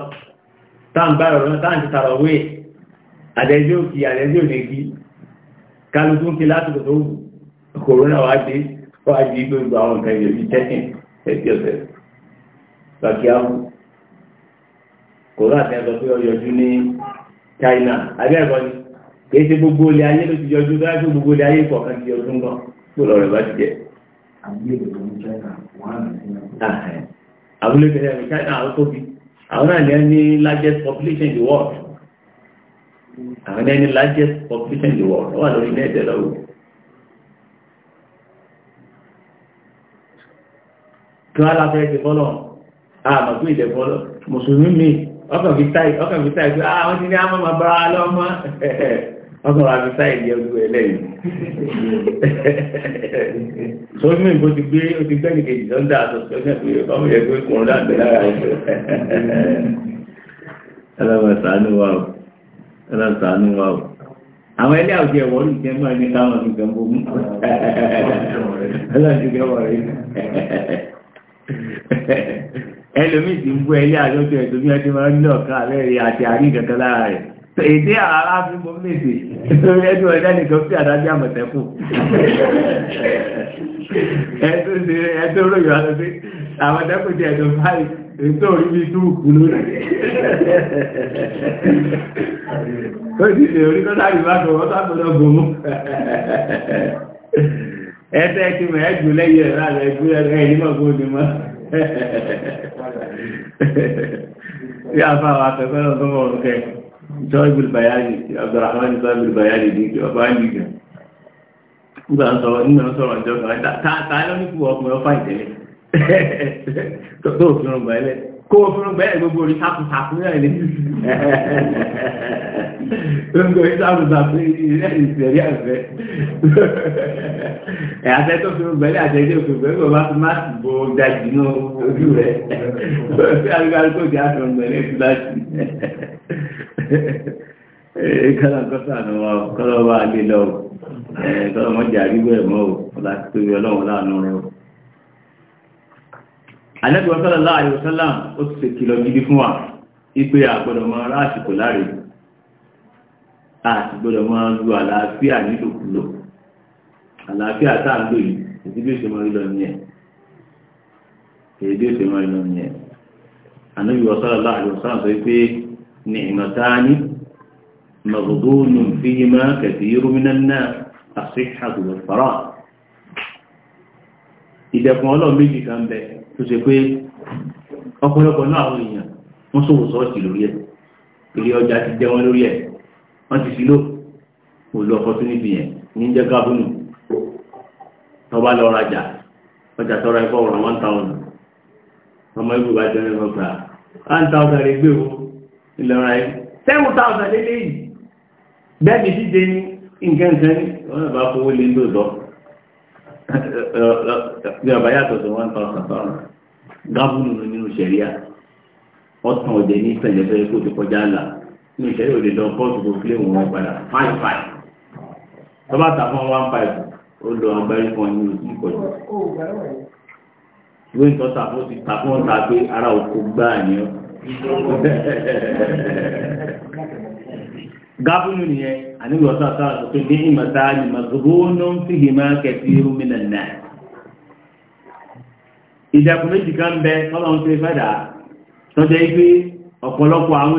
tá ń gbá ìrọ̀rùn tá ń ti tàrọ̀ wéè àdẹ́jọ́ kí àdẹ́jọ́ ní kí kálukú kí látòkò tó kòrónà wá dé wá di gbogbo àwọn nǹkan ìyẹ̀ bí tẹ́kìn ẹ̀tí ọ̀sẹ̀ lọ́kíáwó kòrónà tẹ́ sọ pé ó yọjú ní China abẹ́ẹ̀kọ́ ni kì í ṣe gbogbo ilé ayé ló ti yọjú bá ṣe gbogbo ilé ayé kọ̀ọ̀kan ti yọjú gan tó lọ rẹ̀ bá ti jẹ́ abúlé kẹsẹ̀ ní China àwọn ah, eh. tóbi àwọn náà ní largest population in the world àwọn ẹni largest population in the world wà lórí ilé ẹ̀dẹ̀ lọ́wọ́ kí wọ́n aláfẹ́ ti fọ́lọ̀ àmà tó ìdẹ̀ fọ́lọ̀ mùsùlùmí mi ọkàn fi táì ọkàn fi táì pé ah wọ́n ti ní àmọ́ máa bá a lọ́mọ ọkàn wà fi táì di ọdún ẹlẹ́yìn sọ́jú mi bó ti gbé ó ti gbẹ́ nìkejì lọ́dà àtọ̀tọ̀ ní ẹ̀kọ́ ọmọ yẹn pé kùnrin láàbẹ̀ lára ẹ̀ṣẹ̀ alábàtà ni wà ó ẹlọ́sàánú wa o àwọn ẹlẹ́ àwùjọ ẹ̀wọ̀ ní ìjẹ́ mọ́ ẹni káwọn ti gbẹ̀mọ́ mú ẹlọ́sìnkẹwọ̀ ti ń bú ẹlẹ́ àjọjọ ẹ̀tòmí ẹtí máa ń lọ́ọ̀ká lẹ́rìí àti àrí ìkẹ̀kẹ́ lára rẹ̀ èdè ara fi mọ́ lórí ẹni ọ̀dá nìkan fi àdájọ́ àmọ̀tẹ́kù ẹtọ́ ròyìn àwọn àmọ̀tẹ́kù ti ẹ̀dùn báyìí ètò orí tó kú lórí tó ti lè orí tó dárí bá tó wọ́n sábọ́dọ̀ gbòmú ẹ̀ẹ́tẹ́ kí mẹ́ ẹ̀jù lẹ́yìn ẹ̀rọ àrẹ ìgbúrẹ́ ẹ̀yìn náà gbóni mọ́ tí a fà wà kẹ́kọ́rọ̀ tó mọ̀ ọ̀kẹ́ ìjọ ìbìlì bàyájì Abdurrahman ìjọ ìbìlì bàyájì ní ìjọ ọba ń yíga nígbà ń sọ̀rọ̀ nígbà ń sọ̀rọ̀ ìjọ kan tá tó òfin ọgbà ẹlẹ́ kó òfin ọgbà ẹlẹ́ gbogbo orí sákùsàkùn náà ní gbogbo orí sákùsàkùn ilé ìsẹ̀rí àfẹ́ ẹ̀ àfẹ́ tó fi ọgbà ẹlẹ́ àtẹ́jú òfin ọgbà ẹgbẹ́ bá fi má sì bo dajì náà ojú rẹ̀ bí alùpàdé tó di àfẹ́ ọgbà ẹlẹ́ ìtura sí ẹ̀ kọ́lá kọ́sà ni wọn kọ́lá wà á lé lọ́wọ́ kọ́lá wọn jà rí bẹ́ẹ̀ mọ́ ọ̀la tó yọ ọlọ́run láàánú rẹ̀ Ànábì sallallahu alaihi wasallam ó ti ṣe kìlọ̀ gidi fún wa ipe àgbọ́dọ̀ máa rá àsìkò láre àtìgbọ́dọ̀ máa lu àlàáfíà nílòkulò àlàáfíà tá à ń lò yìí èdè bí ó ṣe máa rí lọ nìyẹn èdè bí ó ṣe máa rí lọ nìyẹn Ànábì sallallahu ìdẹ̀kùn ọlọ́ọ̀ méjì kan bẹ́ẹ̀ tó ṣe pé ọ̀pọ̀lọpọ̀ náà àwọn èèyàn wọ́n ṣòwò sọ́ọ̀sì lórí ẹ̀ ilé ọjà ti jẹ́ wọn lórí ẹ̀ wọ́n ti sílò kò lọ opportunity yẹn ní jẹ́ gábùnù tọ́ba lọ rajà ọjà tọ́ra ẹ̀kọ́ ọ̀rọ̀ one thousand ọmọ ìlú wa jẹ́ ẹ̀rọ gbà one thousand rẹ̀ gbé o ilẹ̀ ọ̀rọ̀ ayé seven thousand lélẹ́yìn bẹ́ẹ̀ ni díje ní nǹkan kan ní ọ̀nà bá fowó lé lóòótọ́ bí ọba yàtọ̀ sí one thousand pound gábùnù nínú sẹ̀ríà ọ̀tàn ọ̀dẹ ní ìpẹ̀lẹ̀fẹ̀ kó ti kọjá ńlá nínú sẹ̀ríà òde lọ kóòtù kó kílé wọn padà five five tọ́ba tà fún one five ó lọ agbárí fún ọ ní ojú ìkọjú ìwé ìtọ́ta fún ti tà fún ọ̀tà pé ara òkú gbáà ni ó. gábùnù nìyẹn àníbi ọ̀sán àtàrà tuntun ní ìmọ̀ta ni màgbóhónú ń fìhì máa kẹsí irú mi nà nà. ìdàkùn méjì kan bẹ ọlọ́run tó fẹ́ dà tọ́jà yìí pé ọ̀pọ̀lọpọ̀ àwọn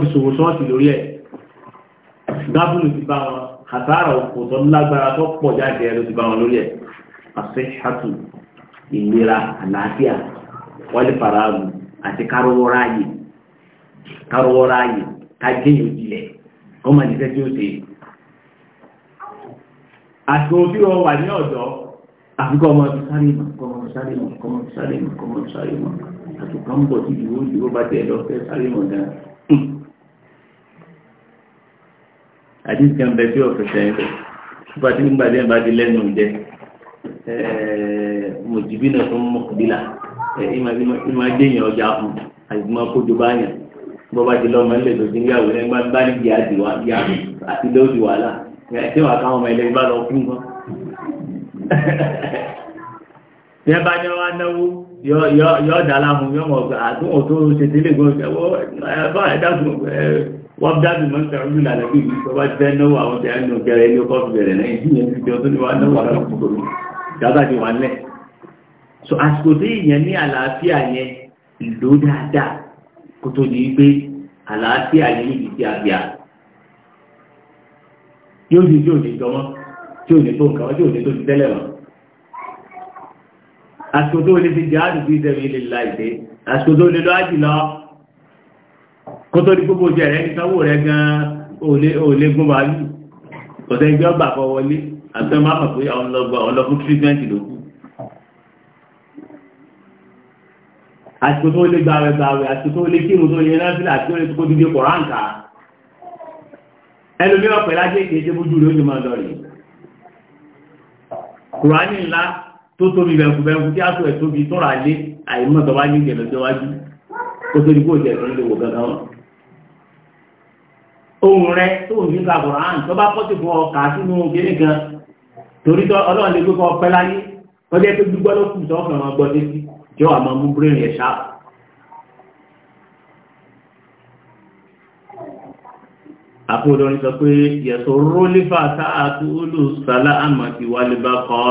ti ṣòwò ṣọ́ọ̀ṣì lórí ẹ̀ ti bá wọn àtàrà òkòtò lágbára tó pọ̀ jáde ló ti bá wọn ìlera àlàáfíà àti kájé yóò jilẹ̀ kọ́ máa jẹ́ tí ó ṣe àsìkò tí wọ́n wà ní ọ̀dọ́ àfikọ́ ọmọ ọdún sáré mọ̀ kọ́ ọmọ sáré mọ̀ kọ́ ọmọ sáré mọ̀ kọ́ ọmọ sáré mọ̀ àtùkọ́ ń bọ̀ sí ìdìbò ìdìbò bá tẹ̀ lọ fẹ́ sáré mọ̀ gan àdínkì kan bẹ tí ọ̀fẹ́ sẹ́yìn rẹ̀ nípa tí ń gbàdé bá di lẹ́nu jẹ mọ̀jìbínà tó ń mọ̀kùdílà ìmọ̀ bọ́ba ti lọ́mọ nílẹ̀ tó ti ń yàwó lẹ́gbà bá ní ìyá àdìwá ìyá àti lóòdì wàhálà ẹ̀ṣẹ́ wà káwọn ọmọ ẹlẹ́gbà lọ fún wọn. bí ẹ bá ní wọn náwó yọ ọ̀dà aláhùn yọ ọmọ ọ̀gá àtúnwò tó ṣe sílé gbọ́dọ̀ wọ́n dábì mọ́ sọ̀rọ̀ jù lálẹ́ bí ìgbésọ̀ bá jẹ́ náwó àwọn tẹ̀yà ní tó ní wá náwó àwọn ọkùnrin dábà ti wà nílẹ̀ so àsìkò tí ìyẹn ní àlàáfíà yẹn lò dáadáa kó tó di pé àlàáfíà ní ibi tí a bíà yóò di tí ò ní jọmọ́ tí ò ní tó nǹkan tí ò ní tó ti tẹ́lẹ̀ wọn àsìkò tó lè fi jẹ́ àdùkú ìsẹ̀mí ilé láìsẹ́ àsìkò tó lè lọ ájì lọ kó tó ní gbogbo jẹ́ rẹ̀ nísanwó rẹ̀ gan-an òlé gún bàálù ọ̀sẹ̀ ìgbẹ́ ọgbà kọ wọlé àti ọmọ àpapọ̀ ọlọ́gbọ̀n ọlọ́gbọ̀n lókù àsìkò tó lè gbàwẹ̀ gbàwẹ̀ àsìkò tó lè kírun tó yẹ náà sílẹ̀ àti tó lè tó kó dídé kọ̀ọ̀rán kà á ẹlòmíràn pẹ̀lú ajé ìkéde bójú ló ń jùmọ̀ lọ́rì kùránì ńlá tó tóbi bẹ̀rùkùbẹ̀rùkù tí a tó ẹ̀ tóbi tọ́ra lé àìmọ́ tó wájú ìjẹ̀lẹ̀ tó wájú ó tó ní kó jẹ̀ tó ń lè ohun rẹ tó ń fi kùránì tó bá pọ́tì fún ọ kà á sínú kiri kan torí ọlọ́run lè gbé kọ́ pẹ́ láyé ọjọ́ tó gbígbọ́ ló kù sọ́kàn wọn tí ó wà máa mú brain yẹn sharp. àpò olórin sọ pé yẹ̀sọ̀ rólífà sáàtú olùsàlá àmọ̀ ti wálé bá kọ́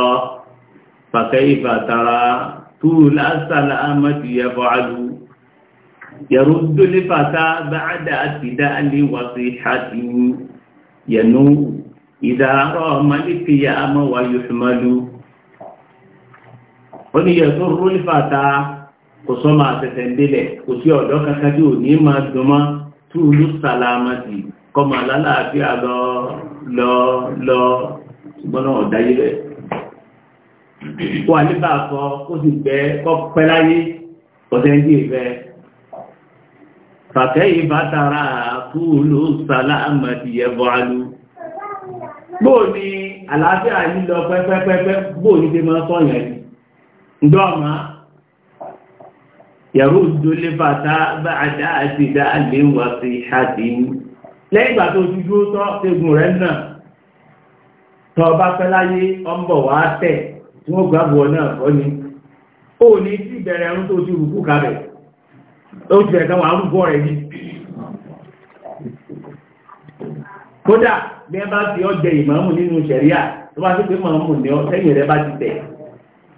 fàkẹ́ ìfàtàrà tó lásàlá àmọ̀ ti yẹ bọ́ àlù يرد لفتى بعد اعتدال وصيحة ينوء إذا رام القيام ويحمل ó ní yẹ tó rú nífàtà kò sọ máa tẹ̀tẹ̀ délẹ̀ kò sí ọ̀dọ́ kankan tí ò ní máa dùnmọ́ túlù sàlámàtì kọ́ máa lálàáfíà lọ lọ lọ ṣùgbọ́n náà ọ̀dáyé rẹ̀ wà nípa àkọ́ ó sì gbẹ́ kọ́ pẹ́ láyé ọ̀sẹ̀ ń dì ìfẹ́ fàkẹ́yì bá tara túlù sàlámàtì ẹ̀bọ̀ alú bóò ni àlàáfíà yìí lọ pẹ́pẹ́pẹ́pẹ́ bóò ni ṣe máa sọ̀yàn yìí ndọ́ọ̀mà yàrá òdòlé bàtà bá àdá àti ìdá àlè wà sí ìhàdì lẹ́yìn ìgbà tó dúdú tọ́ egun rẹ̀ náà tọ́ ọba fẹ́ láyé ọmọ wà á tẹ̀ tí wọ́n gbàgbọ́ náà kọ́ ni ó ní sí ìbẹ̀rẹ̀ ẹ̀rún tó ti rùkú kalẹ̀ ó ti ẹ̀kan wà rúgbọ́ rẹ̀ yìí kódà bí ẹ bá fi ọjẹ ìmáàmù nínú ṣẹ̀ríà tó bá sí pé màmù ní ọ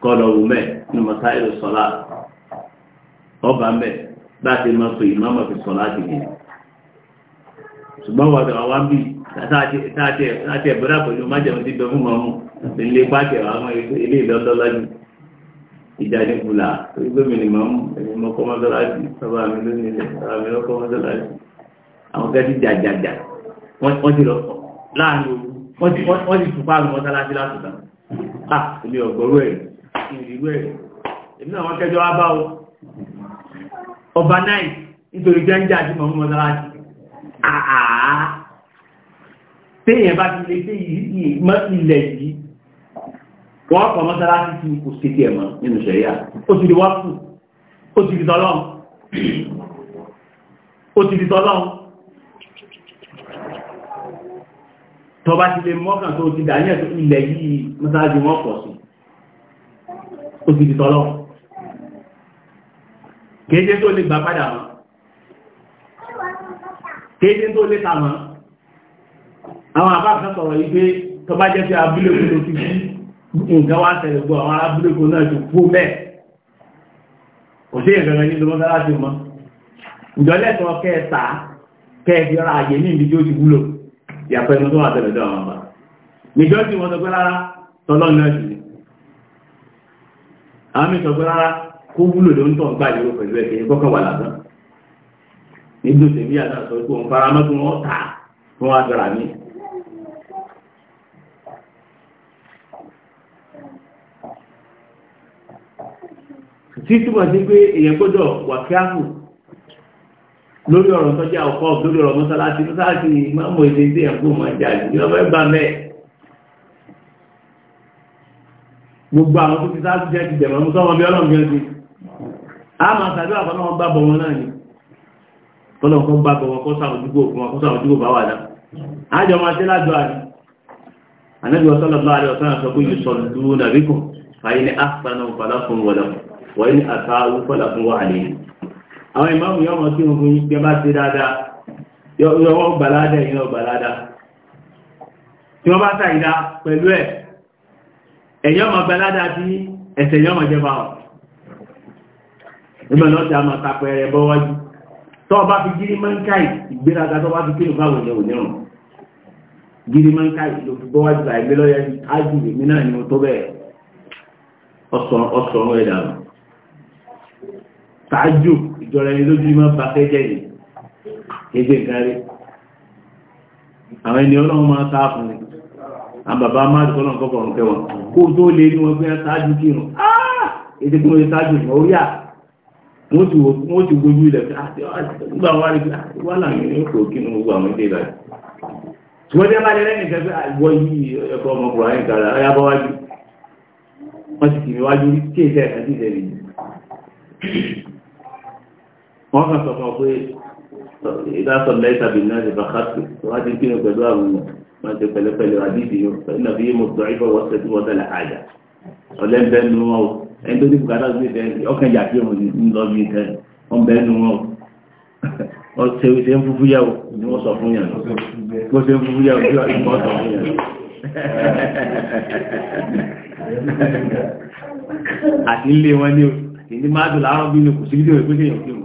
kọlọ wù mẹ ní masáìlì sọlá ọba mẹ bá a ti máa so ìmáàmù fi sọlá dìde ṣùgbọ́n wà á wá bí táàtì ẹ̀bùrà pẹ̀lú májèmú ti bẹ fún mọ́mú ilé pàtẹ àwọn ilé ìlọ́dọ́lájú ìjà ní fúlà gbẹ́mìnì mọ́mú ẹ̀mí mọ́kọ́ mọ́dọ́lájú bàbá mi ló nílẹ̀ bàbá mi lọ́kọ́ mọ́dọ́lájú àwọn kẹ́tì jàjàjà wọ́n ti lọ láàrin òru wọ́n ti tùpá àwọn mọ́dọ́lájú látùtà ah ilé ọ̀gọ́rú ẹ̀rí ìrìrú ẹ̀rẹ̀ èmi náà wọ́n kẹjọ wá bá o ọba náà nítorí jẹ́ńjà àti mọ̀mú mọ́sálásí àà téèyàn bá ti lè dé ilẹ̀ yìí wọ́n kọ̀ mọ́sálásí tí kò sí ti ẹ̀mọ́ nínú ṣẹ̀yà ó ti di wákù ó ti di tọ́lọ́n ó ti di tọ́lọ́n tọba ti lè mọ́kàn tó ti dà ní ẹ̀tọ́ ilẹ̀ yìí mọ́sálásí wọ́n pọ̀ sí ó ti di tọ́lọ́ kéde tó lè gbà padà mọ́ kéde tó lè ta mọ́ àwọn àbáfẹ́ sọ̀rọ̀ yìí pé tó bá jẹ́ sí abúlé kó ló ti fi nǹkan wá tẹ̀lé gbọ́ àwọn abúlé kó náà ti kú bẹ́ẹ̀ kò sí ìrẹ̀rẹ̀ ní lọ́mọ́sá láti mọ́ ìjọlẹ́tọ̀ kẹta kẹfì ọ̀rọ̀ àyè ní ìdíjú ti àwọn mẹ́sàn pé rárá kó wúlò ló ń tọ̀ gbà ìrò pẹ̀lú ẹ̀kẹ́ kọ́kọ́ wà lásán nígbò tèmi àná sọ pé fara mọ́ tí wọ́n tà fún wa dọ̀rà mí. sí pé gbọ́dọ̀ wà lórí ọ̀rọ̀ ọkọ̀ lórí ọ̀rọ̀ mọ́sálásí mọ́sálásí ìdíje ẹ̀kú mọ́ gbogbo àwọn tó ti sáájú jẹ́ ti bẹ̀rẹ̀ mú sọ́wọ́ bí ọlọ́run jẹ́ ti a máa sàdó àkọ́nà wọn gbàbọ̀ wọn náà ni kọ́lọ̀n kọ́ gbàbọ̀ wọn kọ́ sàwọ́dúgbò fún wọn kọ́ sàwọ́dúgbò bá wà náà àjọ máa ṣe lájọ àrí anábì sallallahu alaihi wasallam sọ pé yusalluna bikum fa in ahsanu falakum wa lakum wa in asa'u falakum wa alayhim ẹ̀yọ́ ma balada bí ẹ̀sẹ̀ yọ́ ma jẹba ọ̀ ìmọ̀ lọ́tí a ma tapẹ̀ ẹ̀rẹ̀ bọ́ wájú tọ́ bá fi gírí mọ́nkáì ìgbéraga tọ́ bá fi kí lùbá wọ̀nyẹ̀ wọ̀nyẹ̀ rùn gírí mọ́nkáì ló fi bọ́ wájú àìgbé lọ́yẹ ájú èmi náà ni mo tó bẹ́ẹ̀ ọ̀sọ̀rọ̀ ẹ̀dà rùn tààjú ìjọra ẹni lójú mọ́ bá fẹ́ jẹ́ yìí ẹgbẹ́ kárí àwọn ẹni ọlọ́run máa ta fún mi àbàbá máàlù kọ́nà kọ́kọ́ ọ̀rùn kẹwọn kó tó lè ní wọn pé ẹ ṣáájú kírun ètò kí wọn lè ṣáájú ìmọ̀ orí à wọn ti gbójú ilẹ̀ ah, nígbà wọn wá láàrin ah, ní òkè òkè ní gbogbo àwọn ilé ìbàdàn ṣùgbọ́n a bá lẹ́rẹ́ nìkan pé àìwọ ah, yìí ẹ̀kọ́ ọmọkùnrin àyìn kára ọyá bọ́ wájú wọ́n ti kì mí wájú kí èsẹ̀ ẹ̀ka sí ìṣẹ̀lẹ̀ yìí wọ́n kàn sọ fún ọ pé ìdásọ̀ lẹ́sàbí náà ti bàkátì wọ́n ti kí ní pẹ̀lú àwọn ènìyàn wọ́n ti pẹ̀lẹ́pẹ̀lẹ́ àdìsí yóò sọ́nà bí mo sọ ìfọ̀ wọ́n tẹ̀sí wọ́n tẹ̀lẹ̀ àjà ọ̀lẹ́ńbẹ́ nu wọn o ẹni tó ní bùkátà sí ìfẹ́ ọkàn ìjà kí òun ń lọ bí ìfẹ́ wọn bẹ́ẹ̀ nu wọn o wọ́n ṣe ṣe ń fúfú yàwó ni wọ́n sọ fún yàn bó ṣe ń fúfú yàwó bí wọ́n sọ fún yàn. àti ilé wọn ni o kì í ní má dùn láàárọ̀ bí ní kò sí fídíò ìpínlẹ̀ yòókù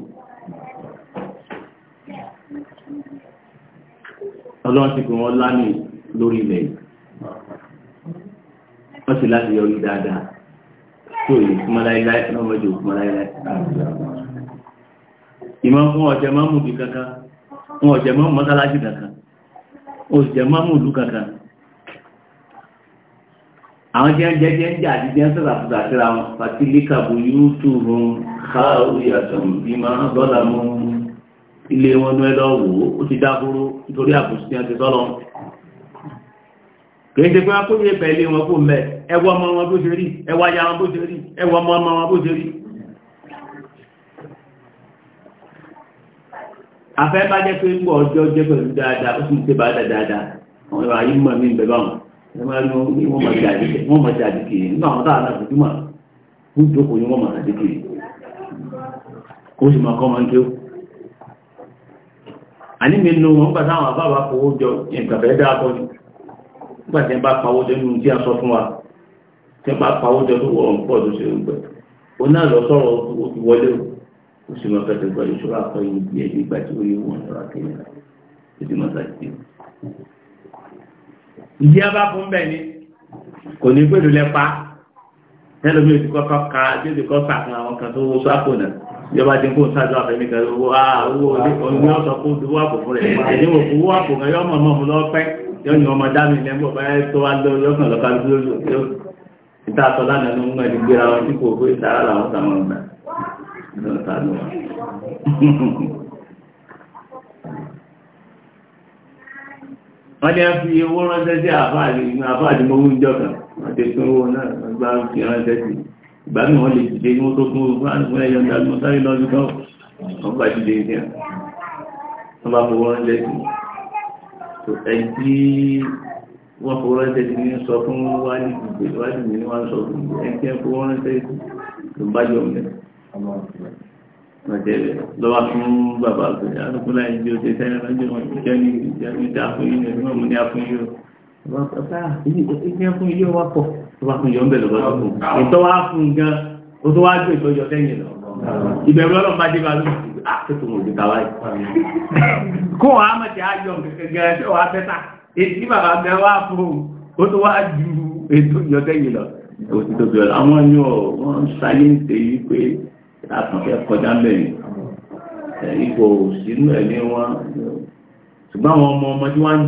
ọlọ́run ti gbọ́n wọn lánìí lórí ilẹ̀ yìí wọ́n sì láti yọrí dáadáa tó yìí kúmọ́ láíláí náà mọ́jọ kúmọ́ láíláí. ìmọ̀ fún ọ̀jẹ̀ mọ́mù bí kankan fún ọ̀jẹ̀ mọ́mù mọ́sálásí kankan ọ̀jẹ̀ mọ́mù ìlú kankan. àwọn jẹ́ jẹ́jẹ́ ń jà àti ń sọ̀rọ̀ àfúgbà síra wọn pàtílíkà bu yúùtù rún káà ó yàtọ̀ bọ́lá mọ́ ilé wọn ní ẹlọ wò ó ó ti dábúrú nítorí àbùsùn ní àti sọ́lọ́ kìí ṣe pé wọn kó ní ẹbẹ̀ ilé wọn kó mẹ́ ẹwọ ọmọ wọn bó ṣe rí ẹwọ aya wọn bó ṣe rí ẹwọ ọmọ ọmọ wọn bó ṣe rí afẹ́ bá jẹ́ pé ń bọ̀ ọjọ́ jẹ́ pẹ̀lú dáadáa ó sì ń ṣe bá dáadáa àwọn ìwà yìí mọ̀ mí bẹ̀ báwọn wọ́n mọ̀ sí àdìkì wọ́n mọ̀ sí àdìkì nígbà wọn táwọn náà fi túmọ̀ ń jókòó ni wọ́n mọ̀ sí àní mi nù wọn gbàtà àwọn àbáwà kòwó jọ ìgbàfẹ́ dáàbọ̀ ni gbàtà ẹ bá pawó jọ nínú tí a sọ fún wa tí a bá pawó jọ tó wọ́n pọ̀ tó ṣe ń gbẹ ó náà lọ sọ̀rọ̀ ó ti wọlé o ó sì máa fẹsẹ̀ gbà ìṣúra àkọ́ yìí bí ẹni ìgbà tí ó yẹ wọn lọ́ra kiri náà ó ti máa ṣàtìlẹ́. ìdí abá fún bẹ́ẹ̀ ni kò ní gbèdúlẹ̀ pa tẹ́lómi ò ti kọ́kọ́ ka tí ó ti kọ́ sàkún àwọn kan tó wọ́ sápò ìjọba ti kó sáájú àfẹ́mí kan owó ah, owó oní ọ̀sọ̀ kó owó àpò fún rẹ̀ ẹ̀dín wò fún owó àpò kan yọ ọmọ ọmọ lọ́pẹ́ yọ ni ọmọ dámì lẹ́gbọ̀ bá tó wá lọ yọkàn lọ́ka lójú ìta àtọ́ lánàá ló ń gbà ní gbéra wọn tí kò gbé ìtara làwọn táwọn gbà wọ́n ní a owó ránṣẹ́ sí àfáà ní àfáà kan wọ́n ti náà gbá fi ránṣẹ́ sí i ìgbà mi wọ́n lè dìde ní wọ́n tó fún ogun àwọn ẹ̀yọ́ ìgbà mi sáré lọ sí gan wọ́n bá dìde ní ẹ̀ wọ́n bá fowó ránṣẹ́ sí tó ẹni tí wọ́n fowó ránṣẹ́ sí ní sọ fún wáyé ìgbè wáyé ìgbè ní wọ́n sọ fún ẹni tí wọ́n fowó ránṣẹ́ sí ló bá jọ bàbá àgbẹ̀ alùpùpù láyé bí o ṣe wọn jẹ́ ní ìjà ní ìjà ní ọmọ ní afún yín o. ọ̀pá ah, ìyẹn pọ̀ tó bá fún yọ ń bẹ̀ lọ́wọ́ tó kù ìtọ́ wá fún gan o tó wá gbé ìtọ́ yọ lẹ́yìn lọ ìbẹ̀rù ọlọ́run bá dé bá lóṣù tó a tó tó mọ̀ òjò tàwa yìí kó wàá mọ̀ tí a yọ nǹkan gan tó wàá fẹ́ ta èyí bàbá bẹ wá fún o tó wá ju ń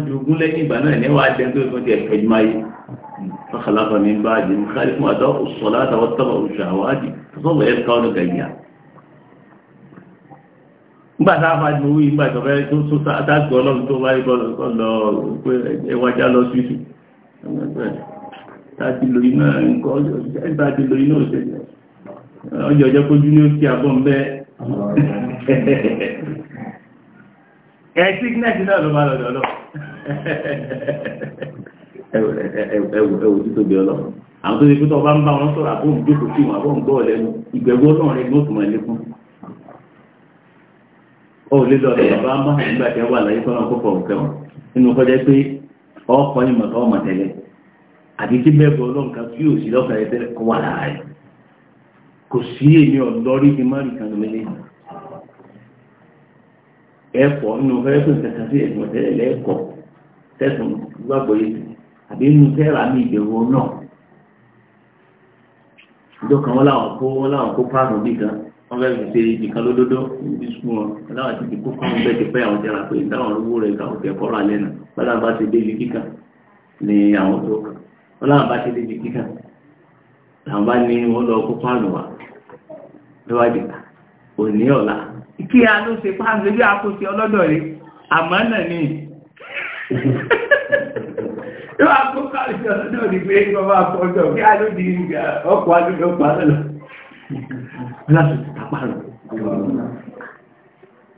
jogún lẹ́yìn ìgbà náà ní wàá jẹun tó ìfọ́n ti ẹ̀fẹ́ jùmáyé فخلف من بعدهم خالف ما أداء الصلاة واتبعوا الشهوات فسوف يلقون غيا nígbà tá a fa ju wí nígbà tó fẹ́ tó tó tásìkò ọlọ́run tó wáyé kọ́ lọ pé ẹwàjá lọ sí ìlú tàbí lórí náà nǹkan ẹgbà tí lórí náà ṣe ọjọ́ ọjọ́ kójú ní ó sí abọ́ ń bẹ́ ẹ̀ sígnẹ́sì náà ló bá lọ́dọ̀ lọ ẹwù títóbi ọlọ́run àwọn tó ṣe pé tó bá ń bá wọn sọ̀rọ̀ àbóhùn jókòó sí wọn àbóhùn gbọ́ lẹ́nu ìgbẹ̀wọ́ náà rẹ̀ ní òtùmọ̀ ilé fún ó lé lọ́dọ̀ bàbá ń bá wọn nígbà tí wà láyé kọ́nà kókò ọ̀kẹ́ wọn nínú kọjá pé ọkọ̀ yìí mọ̀tọ́ ọmọ tẹ̀lẹ̀ àti tí bẹ́ẹ̀ bọ́ lọ́nkà tí yóò sí lọ́kà ẹ̀tẹ́ kọ́ wà lára rẹ̀ kò sí èmi ọ̀dọ́rí ti má rí kan lómìnir ẹ̀kọ́ nínú kọjá pé nǹkan kan sí ẹ̀sùn tẹ̀lẹ̀ lẹ́ẹ̀kọ́ tẹ̀sùn gbàgbọ́ yìí àbí inú tẹ́rà ní ìbẹ̀wò náà ìjọ kan wọ́n láwọn kó wọ́n láwọn kó páànù bí kan wọ́n fẹ́ fi ṣe ìdìkan lódódó ní sùn wọn láwọn ti fi kó fáwọn bẹ́ẹ̀ ti pẹ́ àwọn tẹ́ra pé ìdáwọn owó rẹ̀ kà òkè kọ́ra lẹ́nu wọ́n láwọn bá ti débi kíkà ní àwọn tó kà wọ́n láwọn bá ti débi kíkà làwọn bá ní wọ́n lọ kó páànù wa lọ́wọ́dì òní ọ̀la kí a ló ṣe páànù bí a kò ṣe ọlọ́dọ̀ rẹ̀ àmọ́ náà ni Yóò àkókò àjọ náà ní pé kí wọ́n máa fọ́jọ́ kí a ló di ìgbà ọkọ̀ àdúgbò pàdé lọ. Láti tapá lọ.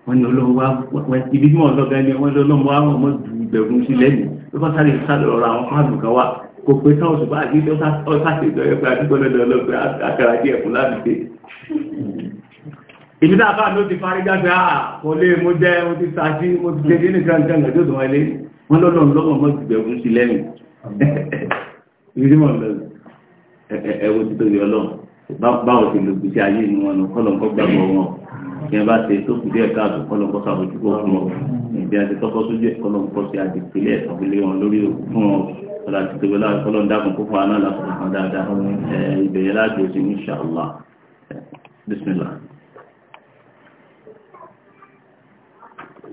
Wọ́n ní olóhùn wá ibi tí wọ́n lọ́gá ẹni wọ́n lọ́mọ àwọn ọmọ ju ìgbẹ̀rún sí lẹ́nu. Ló bá sáré sáré ọ̀rọ̀ àwọn fáàlù kan wá. Kò pé táwọn ṣùgbọ́ àgbéjọ́ sáṣe ìjọyọ̀ pé àdúgbò lọ́dọ̀ ọlọ́gbẹ́ àkàrà díẹ̀ fún láti wọ́n lọ́lọ́ lọ́wọ́ mọ́ ti bẹ̀rù sí lẹ́yìn ìrímọ̀ lọ́wọ́ ẹ̀wọ́ ti tóbi ọlọ́run báwo ti lò gbèsè ayé inú wọn kọ́lọ́nkọ́ gbàgbọ́ wọn kí wọ́n bá ṣe tó kù díẹ̀ káàdùn kọ́lọ́nkọ́ sàbójúkọ́ fún wọn ìbí àti tọ́kọ́ sójú ẹ̀ kọ́lọ́nkọ́ sí àdìpẹ́lẹ̀ ẹ̀sọ́gbélé wọn lórí fún wọn ọ̀là ti tóbi láti kọ́lọ́n dákun kó fún aná làkùnrin kan dáadáa ìbẹ̀yẹ láti oṣù ní sàlá bísímìlá.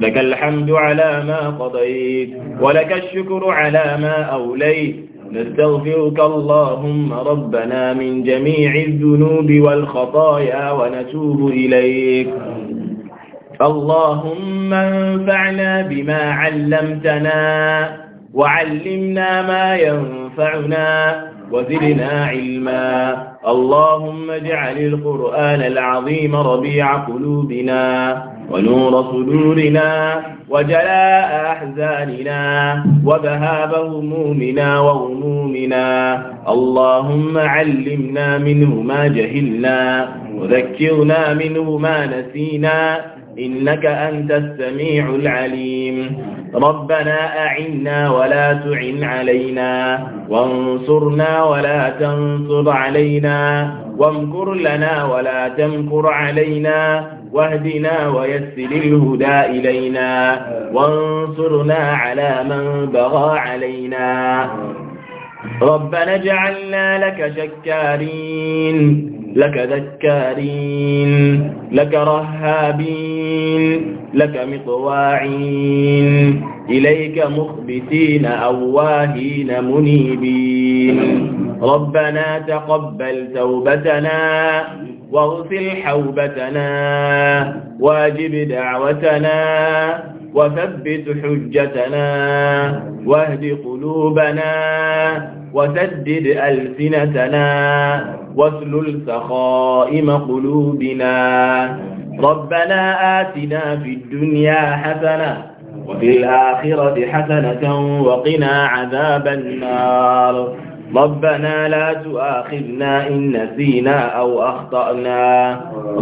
لك الحمد على ما قضيت ولك الشكر على ما أوليت نستغفرك اللهم ربنا من جميع الذنوب والخطايا ونتوب إليك اللهم انفعنا بما علمتنا وعلمنا ما ينفعنا وزدنا علما اللهم اجعل القرآن العظيم ربيع قلوبنا ونور صدورنا وجلاء أحزاننا وذهاب همومنا وغمومنا اللهم علمنا منه ما جهلنا وذكرنا منه ما نسينا إنك أنت السميع العليم ربنا أعنا ولا تعن علينا وانصرنا ولا تنصر علينا وامكر لنا ولا تمكر علينا واهدنا ويسر الهدى إلينا وانصرنا على من بغى علينا ربنا اجعلنا لك شكارين لك ذكارين لك رهابين لك مطواعين إليك مخبتين أواهين منيبين ربنا تقبل توبتنا واغسل حوبتنا واجب دعوتنا وثبت حجتنا واهد قلوبنا وسدد ألسنتنا واسلل سخائم قلوبنا ربنا آتنا في الدنيا حسنة وفي الآخرة حسنة وقنا عذاب النار ربنا لا تؤاخذنا إن نسينا أو أخطأنا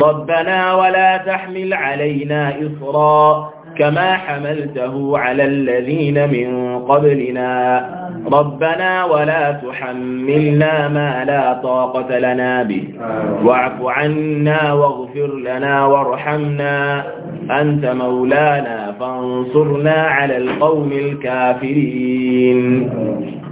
ربنا ولا تحمل علينا إصرا كما حملته على الذين من قبلنا ربنا ولا تحملنا ما لا طاقة لنا به واعف عنا واغفر لنا وارحمنا أنت مولانا فانصرنا على القوم الكافرين